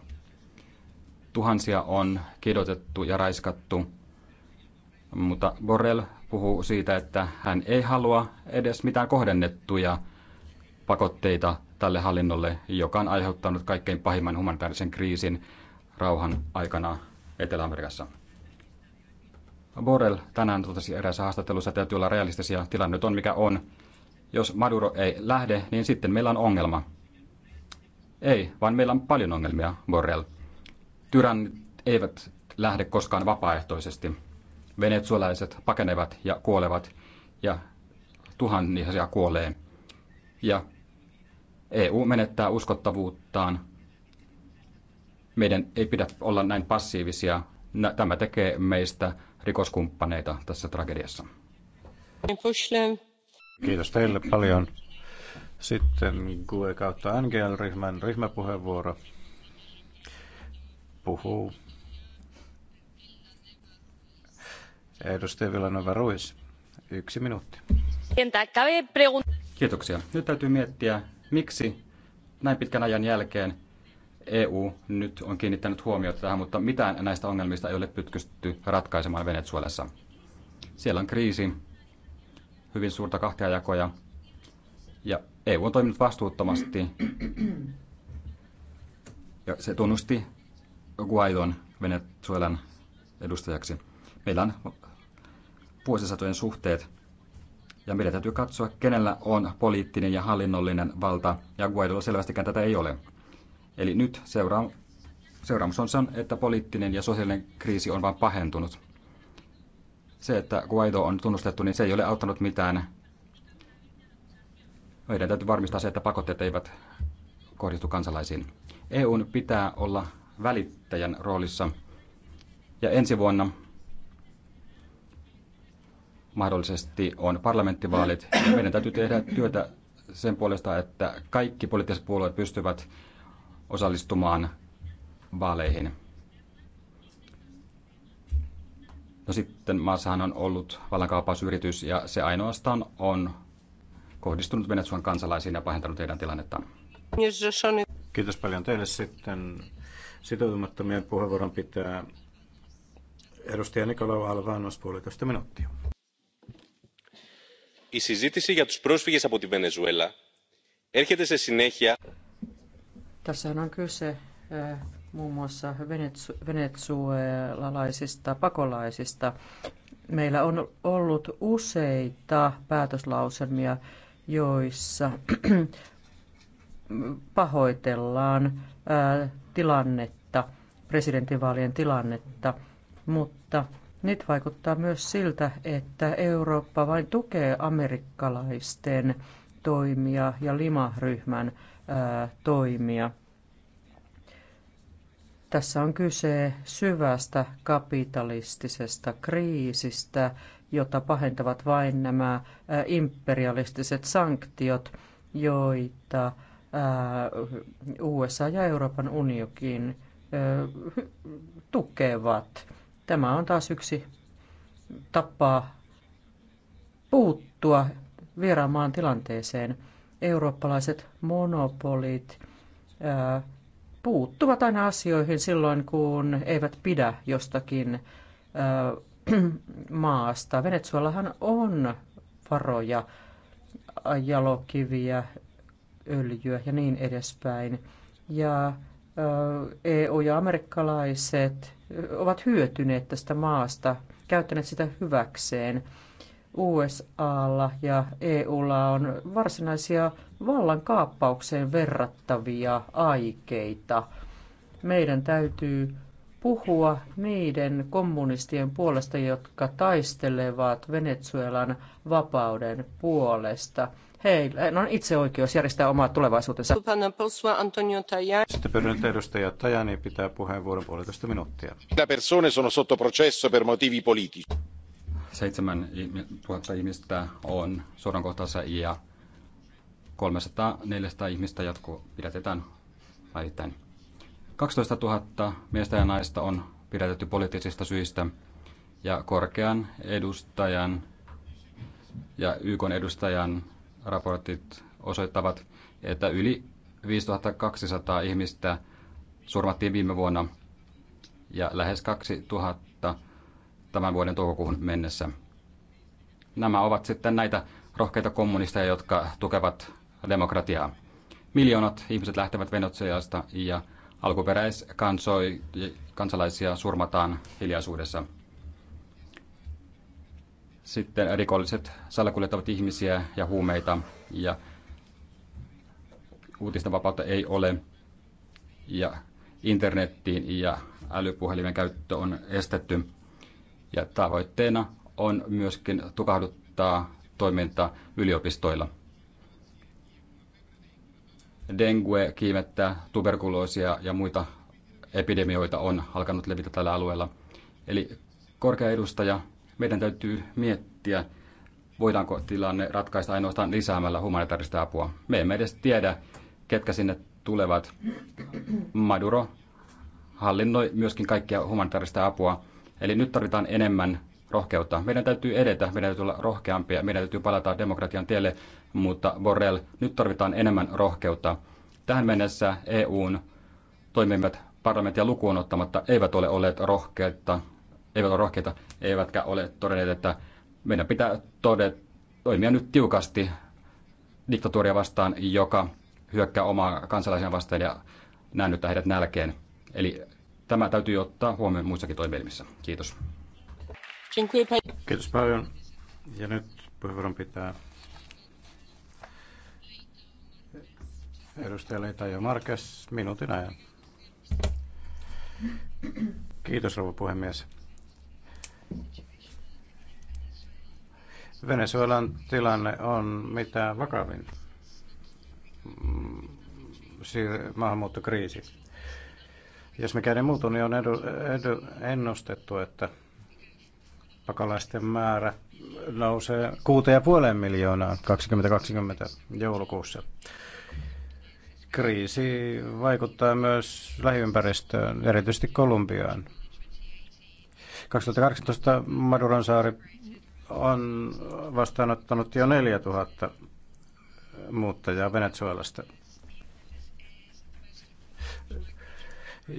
Tuhansia on kidotettu ja raiskattu, mutta Borrell puhuu siitä, että hän ei halua edes mitään kohdennettuja pakotteita tälle hallinnolle, joka on aiheuttanut kaikkein pahimman humanitaarisen kriisin rauhan aikana Etelä-Amerikassa. Borrell tänään totesi eräässä haastattelussa, että täytyy olla realistisia. Tilanne nyt on mikä on. Jos Maduro ei lähde, niin sitten meillä on ongelma. Ei, vaan meillä on paljon ongelmia, Borrell. Tyrannit eivät lähde koskaan vapaaehtoisesti. Venezuelaiset pakenevat ja kuolevat ja tuhansia kuolee. Ja EU menettää uskottavuuttaan. Meidän ei pidä olla näin passiivisia. Tämä tekee meistä rikoskumppaneita tässä tragediassa. Kiitos teille paljon. Sitten GUE kautta NGL-ryhmän ryhmäpuheenvuoro puhuu edustaja Villanova Ruiz. Yksi minuutti. Kiitoksia. Nyt täytyy miettiä, miksi näin pitkän ajan jälkeen EU nyt on kiinnittänyt huomiota tähän, mutta mitään näistä ongelmista ei ole pytkysty ratkaisemaan Venezuelassa. Siellä on kriisi, hyvin suurta kahtiajakoja, ja EU on toiminut vastuuttomasti, ja se tunnusti Guaidon Venezuelan edustajaksi. Meillä on vuosisatojen suhteet, ja meidän täytyy katsoa, kenellä on poliittinen ja hallinnollinen valta, ja Guaidolla selvästikään tätä ei ole. Eli nyt seuraam- seuraamus on se, että poliittinen ja sosiaalinen kriisi on vain pahentunut. Se, että Guaido on tunnustettu, niin se ei ole auttanut mitään. Meidän täytyy varmistaa se, että pakotteet eivät kohdistu kansalaisiin. EUn pitää olla välittäjän roolissa. Ja ensi vuonna mahdollisesti on parlamenttivaalit. Meidän täytyy tehdä työtä sen puolesta, että kaikki poliittiset puolueet pystyvät osallistumaan vaaleihin. No sitten maassahan on ollut vallankaapausyritys ja se ainoastaan on kohdistunut Venezuelan kansalaisiin ja pahentanut heidän tilannettaan. Kiitos paljon teille sitten. Sitoutumattomien puheenvuoron pitää edustaja Nikola Alvanos puolitoista minuuttia. Η συζήτηση για τους πρόσφυγες από τη Βενεζουέλα έρχεται σε συνέχεια tässä on kyse muun muassa venezuelalaisista pakolaisista. Meillä on ollut useita päätöslauselmia, joissa pahoitellaan tilannetta, presidentinvaalien tilannetta, mutta nyt vaikuttaa myös siltä, että Eurooppa vain tukee amerikkalaisten toimia ja limaryhmän toimia. Tässä on kyse syvästä kapitalistisesta kriisistä, jota pahentavat vain nämä imperialistiset sanktiot, joita USA ja Euroopan uniokin tukevat. Tämä on taas yksi tapa puuttua vieraamaan tilanteeseen. Eurooppalaiset monopolit puuttuvat aina asioihin silloin, kun eivät pidä jostakin maasta. Venezuelahan on varoja, jalokiviä, öljyä ja niin edespäin. Ja EU ja amerikkalaiset ovat hyötyneet tästä maasta, käyttäneet sitä hyväkseen. USAlla ja EUlla on varsinaisia vallankaappaukseen verrattavia aikeita. Meidän täytyy puhua niiden kommunistien puolesta, jotka taistelevat Venezuelan vapauden puolesta. Heillä on itse oikeus järjestää omaa tulevaisuutensa. Sitten pyydän edustaja Tajani pitää puheenvuoron puolitoista minuuttia. La persone sono sotto processo per motivi politici. 7 000 ihmistä on sodankohtaisessa ja 300-400 ihmistä jatkuu pidätetään päivittäin. 12 000 miestä ja naista on pidätetty poliittisista syistä ja korkean edustajan ja YK edustajan raportit osoittavat, että yli 5200 ihmistä surmattiin viime vuonna ja lähes 2000 tämän vuoden toukokuun mennessä. Nämä ovat sitten näitä rohkeita kommunisteja, jotka tukevat demokratiaa. Miljoonat ihmiset lähtevät Venezuelasta ja alkuperäiskansalaisia surmataan hiljaisuudessa. Sitten rikolliset salakuljettavat ihmisiä ja huumeita ja uutisten vapautta ei ole ja internettiin ja älypuhelimen käyttö on estetty. Ja tavoitteena on myöskin tukahduttaa toiminta yliopistoilla. Dengue, kiimettää tuberkuloosia ja muita epidemioita on alkanut levitä tällä alueella. Eli korkea edustaja, meidän täytyy miettiä, voidaanko tilanne ratkaista ainoastaan lisäämällä humanitaarista apua. Me emme edes tiedä, ketkä sinne tulevat. Maduro hallinnoi myöskin kaikkia humanitaarista apua Eli nyt tarvitaan enemmän rohkeutta. Meidän täytyy edetä, meidän täytyy olla rohkeampia, meidän täytyy palata demokratian tielle, mutta Borrell, nyt tarvitaan enemmän rohkeutta. Tähän mennessä EUn toimivat parlamenttia lukuun ottamatta eivät ole olleet rohkeita, eivät ole rohkeita, eivätkä ole todenneet, että meidän pitää todet, toimia nyt tiukasti diktatuuria vastaan, joka hyökkää omaa kansalaisia vastaan ja näännyttää heidät nälkeen. Eli Tämä täytyy ottaa huomioon muissakin toimielimissä. Kiitos. Kiitos paljon. Ja nyt puheenvuoron pitää edustaja Leita ja Markes minuutin ajan. Kiitos rouva puhemies. Venezuelan tilanne on mitä vakavin mm, maahanmuuttokriisi jos mikä ei muutu, niin on edu, edu, ennustettu, että pakolaisten määrä nousee 6,5 miljoonaan 2020 joulukuussa. Kriisi vaikuttaa myös lähiympäristöön, erityisesti Kolumbiaan. 2018 Maduron saari on vastaanottanut jo 4000 muuttajaa Venezuelasta.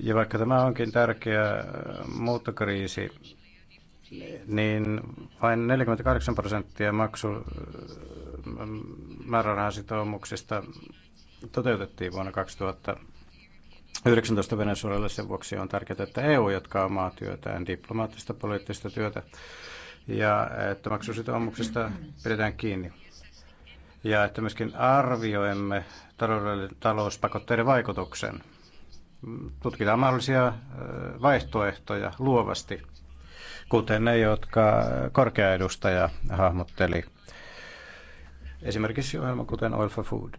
Ja vaikka tämä onkin tärkeä äh, muuttokriisi, niin vain 48 prosenttia maksu äh, määrärahasitoumuksista toteutettiin vuonna 2019 Venezuelalla. Sen vuoksi on tärkeää, että EU jatkaa omaa työtään, diplomaattista poliittista työtä, ja että maksusitoumuksista pidetään kiinni. Ja että myöskin arvioimme talouspakotteiden vaikutuksen tutkitaan mahdollisia vaihtoehtoja luovasti, kuten ne, jotka korkea edustaja hahmotteli. Esimerkiksi ohjelma kuten Oil for Food.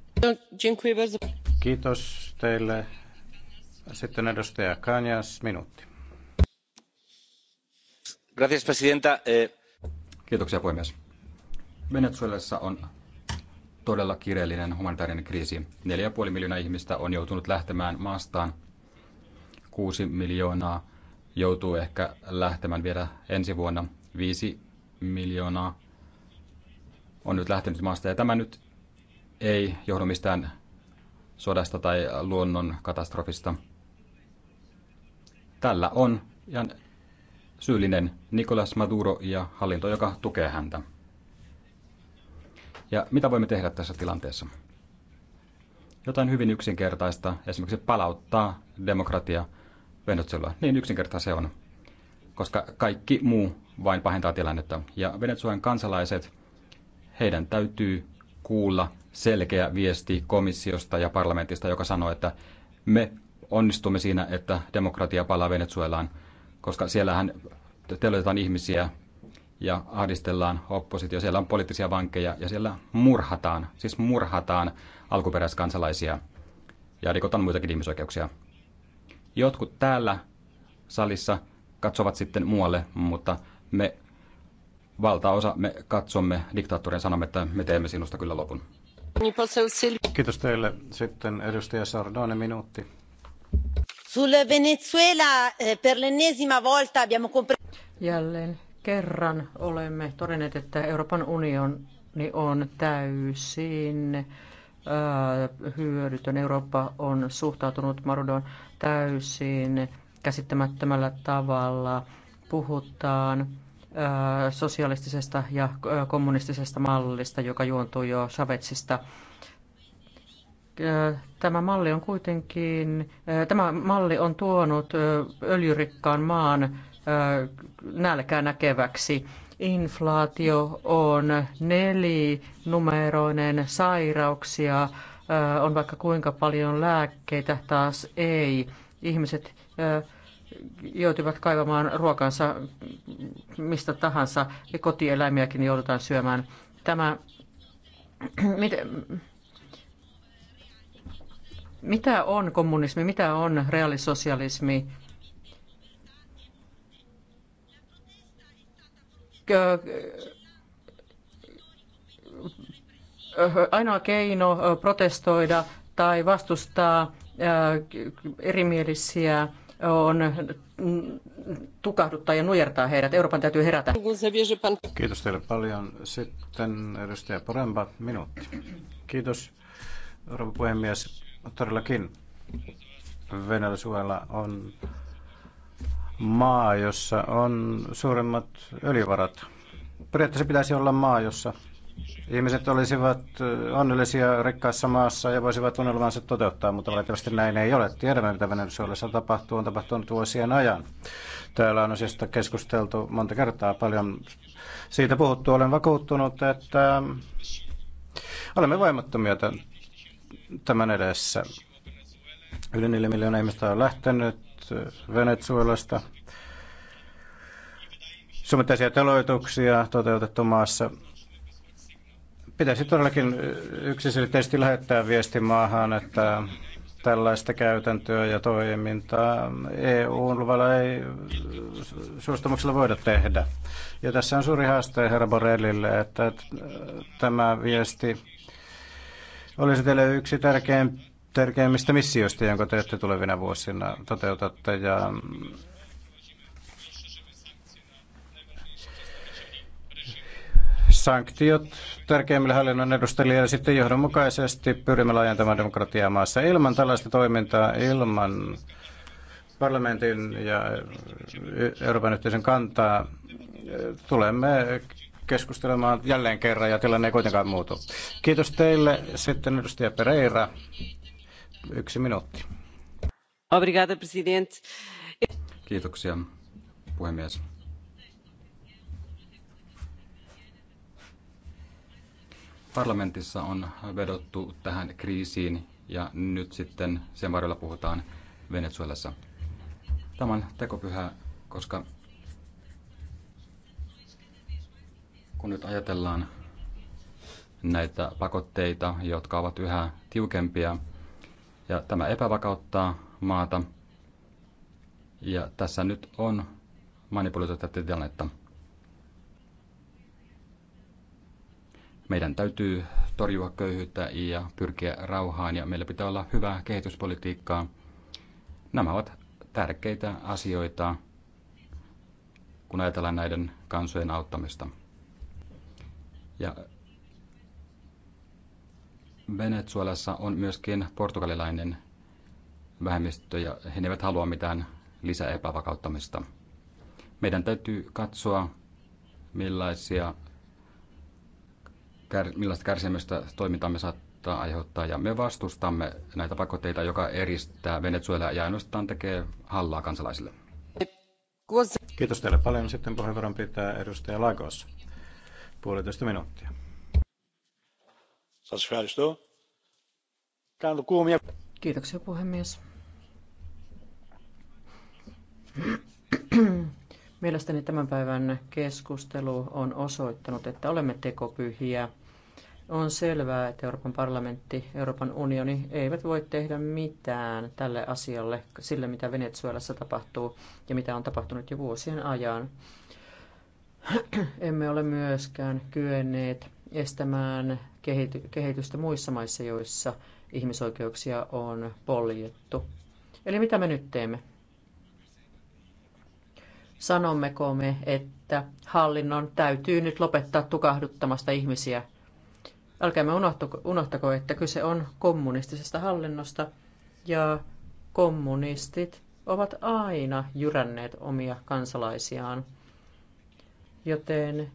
Kiitos teille. Sitten edustaja Kanjas, minuutti. Gracias, presidenta. Eh, Kiitoksia puhemies. Venezuelassa on todella kiireellinen humanitaarinen kriisi. 4,5 miljoonaa ihmistä on joutunut lähtemään maastaan 6 miljoonaa joutuu ehkä lähtemään vielä ensi vuonna. 5 miljoonaa on nyt lähtenyt maasta ja tämä nyt ei johdu mistään sodasta tai luonnon katastrofista. Tällä on ja syyllinen Nicolas Maduro ja hallinto, joka tukee häntä. Ja mitä voimme tehdä tässä tilanteessa? Jotain hyvin yksinkertaista, esimerkiksi palauttaa demokratia Venezuela. Niin yksinkertaista se on, koska kaikki muu vain pahentaa tilannetta. Ja Venezuelan kansalaiset, heidän täytyy kuulla selkeä viesti komissiosta ja parlamentista, joka sanoo, että me onnistumme siinä, että demokratia palaa Venezuelaan, koska siellähän teloitetaan ihmisiä ja ahdistellaan oppositio. Siellä on poliittisia vankeja ja siellä murhataan, siis murhataan alkuperäiskansalaisia ja rikotaan muitakin ihmisoikeuksia. Jotkut täällä salissa katsovat sitten muualle, mutta me valtaosa me katsomme diktaattorin sanomme, että me teemme sinusta kyllä lopun. Kiitos teille. Sitten edustaja Sardone, minuutti. Sulle Venezuela eh, per l'ennesima volta abbiamo compreso. Jälleen kerran olemme todenneet, että Euroopan unioni on täysin hyödytön. Eurooppa on suhtautunut Marudon täysin käsittämättömällä tavalla. Puhutaan sosialistisesta ja kommunistisesta mallista, joka juontuu jo Savetsista. Tämä malli on kuitenkin, tämä malli on tuonut öljyrikkaan maan nälkää näkeväksi inflaatio on nelinumeroinen sairauksia, on vaikka kuinka paljon lääkkeitä, taas ei. Ihmiset joutuvat kaivamaan ruokansa mistä tahansa ja kotieläimiäkin joudutaan syömään. Tämä, mit, mitä on kommunismi, mitä on reaalisosialismi, Öö, ainoa keino öö, protestoida tai vastustaa öö, erimielisiä on tukahduttaa ja nujertaa heidät. Euroopan täytyy herätä. Kiitos teille paljon. Sitten edustaja Poremba, minuutti. Kiitos, Euroopan puhemies. Todellakin Venezuela on maa, jossa on suuremmat öljyvarat. Periaatteessa pitäisi olla maa, jossa ihmiset olisivat onnellisia rikkaassa maassa ja voisivat unelmansa toteuttaa, mutta valitettavasti näin ei ole. Tiedämme, mitä Venezuelassa tapahtuu, on tapahtunut vuosien ajan. Täällä on asiasta keskusteltu monta kertaa paljon. Siitä puhuttu olen vakuuttunut, että olemme voimattomia tämän edessä. Yli 4 miljoonaa ihmistä on lähtenyt Eh, Venezuelasta. Suomittaisia teloituksia toteutettu maassa. Pitäisi todellakin eh, yksiselitteisesti lähettää viesti maahan, että tällaista käytäntöä ja toimintaa EUn luvalla ei eh, suostumuksella voida tehdä. Ja tässä on suuri haaste herra Borellille, että tämä viesti olisi teille yksi tärkeimpi tärkeimmistä missioista, jonka te ette tulevina vuosina toteutatte. Ja sanktiot tärkeimmille hallinnon edustajille ja sitten johdonmukaisesti pyrimme laajentamaan demokratiaa maassa ilman tällaista toimintaa, ilman parlamentin ja Euroopan yhteisön kantaa tulemme keskustelemaan jälleen kerran ja tilanne ei kuitenkaan muutu. Kiitos teille. Sitten edustaja Pereira. Yksi minuutti. Obrigada, president. Kiitoksia, puhemies. Parlamentissa on vedottu tähän kriisiin ja nyt sitten sen varrella puhutaan Venezuelassa. Tämä on tekopyhä, koska kun nyt ajatellaan näitä pakotteita, jotka ovat yhä tiukempia – ja tämä epävakauttaa maata. Ja tässä nyt on manipuloitu tätä tilannetta. Meidän täytyy torjua köyhyyttä ja pyrkiä rauhaan ja meillä pitää olla hyvää kehityspolitiikkaa. Nämä ovat tärkeitä asioita, kun ajatellaan näiden kansojen auttamista. Ja Venezuelassa on myöskin portugalilainen vähemmistö ja he eivät halua mitään lisäepävakauttamista. Meidän täytyy katsoa, millaisia, kär, millaista kärsimystä toimintamme saattaa aiheuttaa. Ja me vastustamme näitä pakotteita, joka eristää Venezuelaa ja ainoastaan tekee hallaa kansalaisille. Kiitos teille paljon. Sitten puheenvuoron pitää edustaja Lagos. Puolitoista minuuttia. Kiitoksia puhemies. Mielestäni tämän päivän keskustelu on osoittanut, että olemme tekopyhiä. On selvää, että Euroopan parlamentti, Euroopan unioni eivät voi tehdä mitään tälle asialle, sille mitä Venezuelassa tapahtuu ja mitä on tapahtunut jo vuosien ajan. Emme ole myöskään kyenneet estämään kehitystä muissa maissa, joissa ihmisoikeuksia on poljettu. Eli mitä me nyt teemme? Sanommeko me, että hallinnon täytyy nyt lopettaa tukahduttamasta ihmisiä? Älkäämme me unohtako, että kyse on kommunistisesta hallinnosta ja kommunistit ovat aina jyränneet omia kansalaisiaan. Joten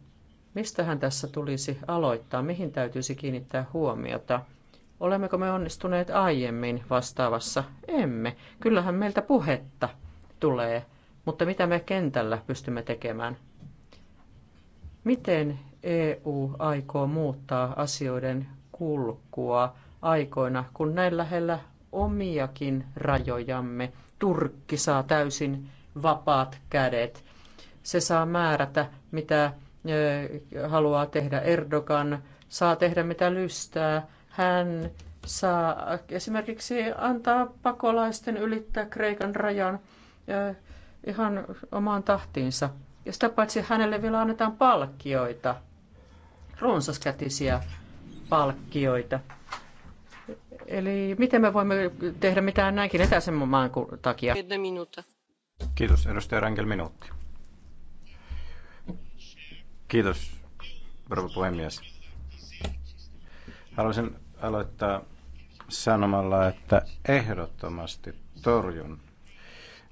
Mistähän tässä tulisi aloittaa? Mihin täytyisi kiinnittää huomiota? Olemmeko me onnistuneet aiemmin vastaavassa? Emme. Kyllähän meiltä puhetta tulee, mutta mitä me kentällä pystymme tekemään? Miten EU aikoo muuttaa asioiden kulkua aikoina, kun näin lähellä omiakin rajojamme Turkki saa täysin vapaat kädet? Se saa määrätä, mitä haluaa tehdä Erdogan, saa tehdä mitä lystää. Hän saa esimerkiksi antaa pakolaisten ylittää Kreikan rajan ihan omaan tahtiinsa. Ja sitä paitsi hänelle vielä annetaan palkkioita, runsaskätisiä palkkioita. Eli miten me voimme tehdä mitään näinkin etäisen maan takia? Kiitos, edustaja Rangel, minuutti. Kiitos, rouva puhemies. Haluaisin aloittaa sanomalla, että ehdottomasti torjun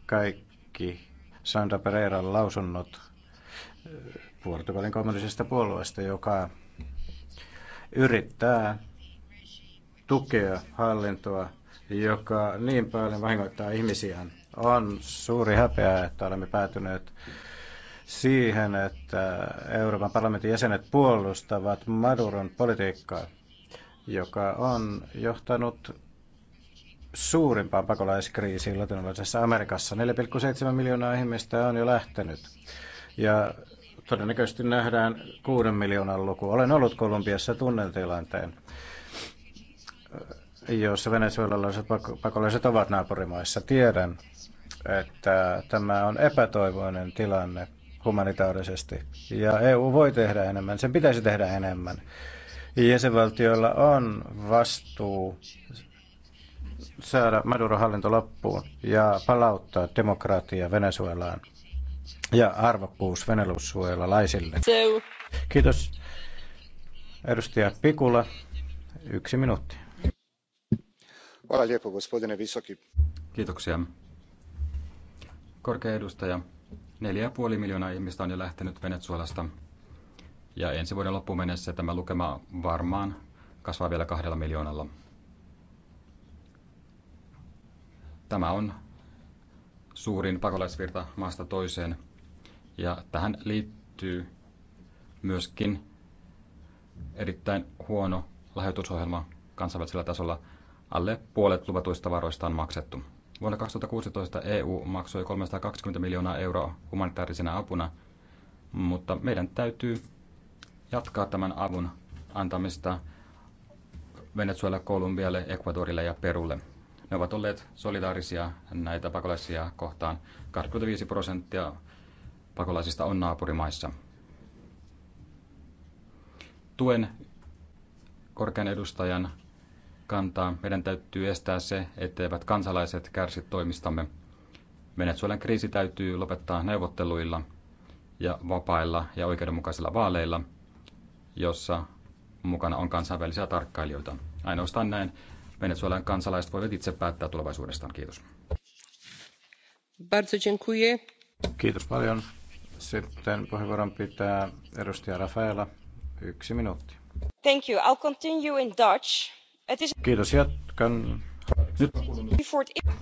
kaikki Sandra Pereiran lausunnot äh, Portugalin kommunisesta puolueesta, joka yrittää tukea hallintoa, joka niin paljon vahingoittaa ihmisiä. On suuri häpeä, että olemme päätyneet siihen, että Euroopan parlamentin jäsenet puolustavat Maduron politiikkaa, joka on johtanut suurimpaan pakolaiskriisiin latinalaisessa Amerikassa. 4,7 miljoonaa ihmistä on jo lähtenyt. Ja todennäköisesti nähdään 6 miljoonan luku. Olen ollut Kolumbiassa tunnen tilanteen, jossa venezuelalaiset pakolaiset ovat naapurimaissa. Tiedän, että tämä on epätoivoinen tilanne humanitaarisesti. Ja EU voi tehdä enemmän, sen pitäisi tehdä enemmän. Jäsenvaltioilla on vastuu saada maduro hallinto loppuun ja palauttaa demokratia Venezuelaan ja arvokkuus venezuelalaisille. Kiitos. Edustaja Pikula, yksi minuutti. Kiitoksia. Korkea edustaja, 4,5 miljoonaa ihmistä on jo lähtenyt Venezuelasta. Ja ensi vuoden loppuun mennessä tämä lukema varmaan kasvaa vielä kahdella miljoonalla. Tämä on suurin pakolaisvirta maasta toiseen. Ja tähän liittyy myöskin erittäin huono lahjoitusohjelma kansainvälisellä tasolla. Alle puolet luvatuista varoista on maksettu. Vuonna 2016 EU maksoi 320 miljoonaa euroa humanitaarisena apuna, mutta meidän täytyy jatkaa tämän avun antamista Venezuela, Kolumbialle, Ecuadorille ja Perulle. Ne ovat olleet solidaarisia näitä pakolaisia kohtaan. 25 prosenttia pakolaisista on naapurimaissa. Tuen korkean edustajan kantaa. Meidän täytyy estää se, etteivät kansalaiset kärsi toimistamme. Venezuelan kriisi täytyy lopettaa neuvotteluilla ja vapailla ja oikeudenmukaisilla vaaleilla, jossa mukana on kansainvälisiä tarkkailijoita. Ainoastaan näin Venezuelan kansalaiset voivat itse päättää tulevaisuudestaan. Kiitos. Bardzo dziękuję. Kiitos paljon. Sitten puheenvuoron pitää edustaja Rafaela. Yksi minuutti. Thank you. I'll continue in Dutch. Kiitos, jatkan. Nyt on, kulunut,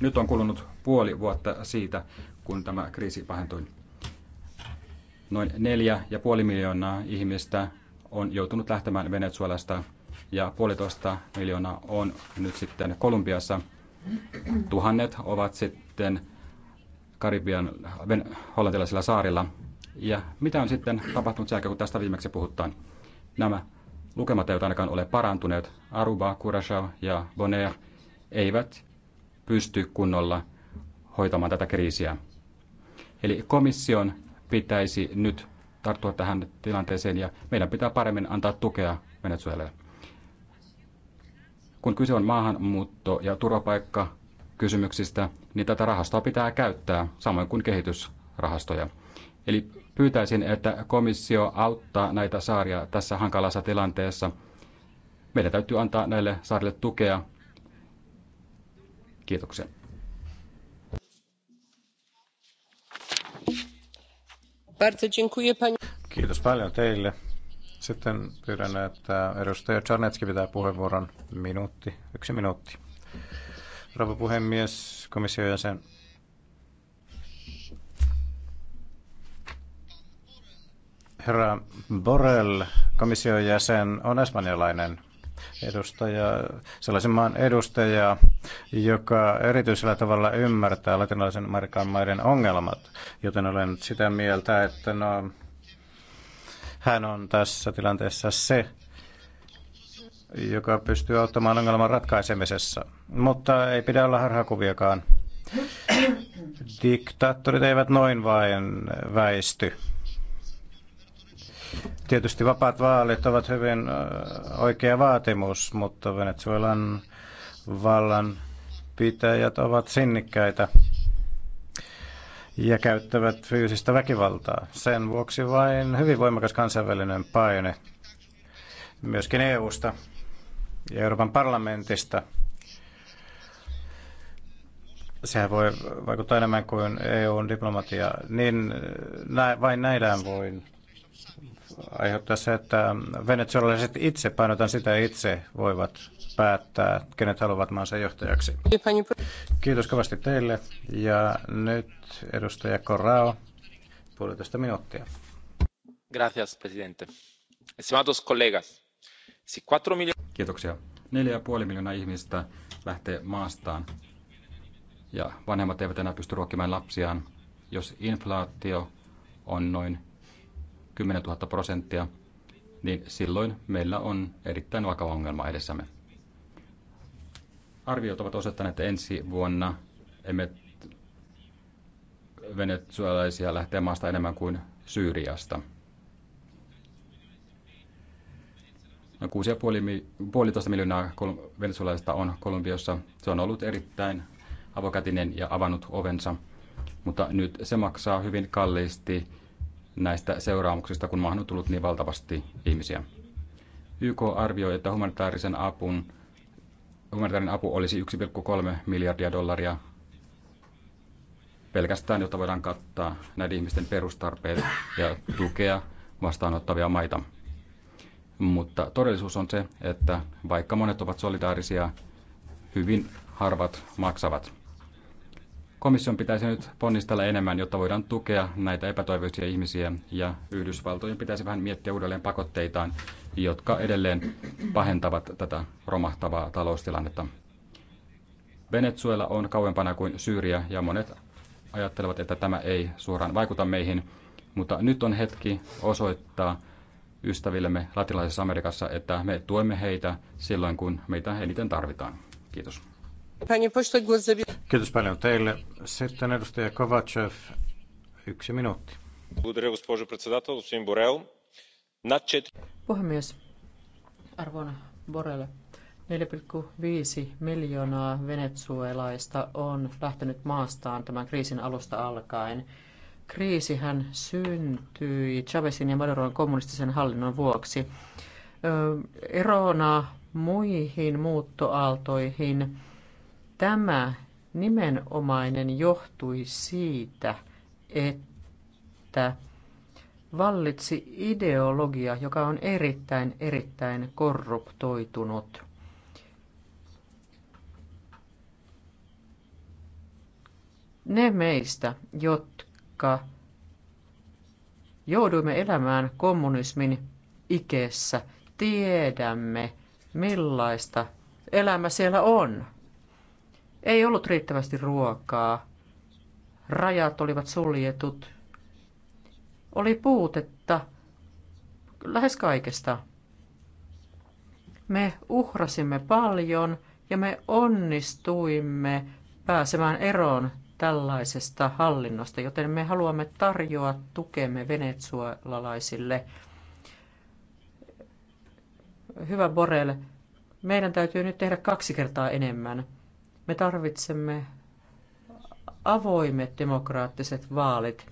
nyt on kulunut puoli vuotta siitä, kun tämä kriisi pahentui. Noin neljä ja puoli miljoonaa ihmistä on joutunut lähtemään Venezuelasta ja puolitoista miljoonaa on nyt sitten Kolumbiassa. Tuhannet ovat sitten Karibian hollantilaisilla saarilla. Ja mitä on sitten tapahtunut sen jälkeen, kun tästä viimeksi puhutaan? Nämä Lukemat eivät ainakaan ole parantuneet. Aruba, Curaçao ja Bonaire eivät pysty kunnolla hoitamaan tätä kriisiä. Eli komission pitäisi nyt tarttua tähän tilanteeseen ja meidän pitää paremmin antaa tukea Venezuelalle. Kun kyse on maahanmuutto- ja turvapaikkakysymyksistä, niin tätä rahastoa pitää käyttää samoin kuin kehitysrahastoja. Eli Pyytäisin, että komissio auttaa näitä saaria tässä hankalassa tilanteessa. Meidän täytyy antaa näille saarille tukea. Kiitoksia. Kiitos paljon teille. Sitten pyydän, että edustaja Czarnetski pitää puheenvuoron minuutti, yksi minuutti. Rouva puhemies, komission jäsen, Herra Borrell, komission jäsen, on espanjalainen edustaja, sellaisen maan edustaja, joka erityisellä tavalla ymmärtää latinalaisen Amerikan maiden ongelmat, joten olen sitä mieltä, että no, hän on tässä tilanteessa se, joka pystyy auttamaan ongelman ratkaisemisessa. Mutta ei pidä olla harhakuviakaan. Diktaattorit eivät noin vain väisty. Tietysti vapaat vaalit ovat hyvin oikea vaatimus, mutta Venezuelan vallan pitäjät ovat sinnikkäitä ja käyttävät fyysistä väkivaltaa. Sen vuoksi vain hyvin voimakas kansainvälinen paine myöskin EUsta ja Euroopan parlamentista. Sehän voi vaikuttaa enemmän kuin EUn diplomatia. Niin vain näidään voin aiheuttaa se, että venezuelalaiset itse, painotan sitä itse, voivat päättää, kenet haluavat maansa johtajaksi. Kiitos kovasti teille. Ja nyt edustaja Corrao, puolitoista minuuttia. Gracias, presidente. Estimados colegas, si cuatro miljoonaa... Kiitoksia. puoli miljoonaa ihmistä lähtee maastaan ja vanhemmat eivät enää pysty ruokkimaan lapsiaan. Jos inflaatio on noin 10 000 prosenttia, niin silloin meillä on erittäin vakava ongelma edessämme. Arviot ovat osoittaneet, että ensi vuonna emme venezuelaisia lähtee maasta enemmän kuin Syyriasta. No 6,5 miljoonaa venezuelaista on Kolumbiassa. Se on ollut erittäin avokätinen ja avannut ovensa, mutta nyt se maksaa hyvin kalliisti näistä seuraamuksista, kun maahan on tullut niin valtavasti ihmisiä. YK arvioi, että humanitaarisen apun, humanitaarinen apu olisi 1,3 miljardia dollaria pelkästään, jotta voidaan kattaa näiden ihmisten perustarpeet ja tukea vastaanottavia maita. Mutta todellisuus on se, että vaikka monet ovat solidaarisia, hyvin harvat maksavat. Komission pitäisi nyt ponnistella enemmän, jotta voidaan tukea näitä epätoivoisia ihmisiä ja Yhdysvaltojen pitäisi vähän miettiä uudelleen pakotteitaan, jotka edelleen pahentavat tätä romahtavaa taloustilannetta. Venezuela on kauempana kuin Syyria ja monet ajattelevat, että tämä ei suoraan vaikuta meihin, mutta nyt on hetki osoittaa ystävillemme latinalaisessa Amerikassa, että me tuemme heitä silloin, kun meitä eniten tarvitaan. Kiitos. Kiitos paljon teille. Sitten edustaja Kovacev, yksi minuutti. Puhemies, arvon Borrell, 4,5 miljoonaa venezuelaista on lähtenyt maastaan tämän kriisin alusta alkaen. Kriisihän syntyi Chavezin ja Maduron kommunistisen hallinnon vuoksi. Erona muihin muuttoaaltoihin Tämä nimenomainen johtui siitä, että vallitsi ideologia, joka on erittäin, erittäin korruptoitunut. Ne meistä, jotka jouduimme elämään kommunismin ikeessä, tiedämme, millaista elämä siellä on. Ei ollut riittävästi ruokaa. Rajat olivat suljetut. Oli puutetta lähes kaikesta. Me uhrasimme paljon ja me onnistuimme pääsemään eroon tällaisesta hallinnosta, joten me haluamme tarjoa tukemme venezuelalaisille. Hyvä Borel, meidän täytyy nyt tehdä kaksi kertaa enemmän. Me tarvitsemme avoimet demokraattiset vaalit.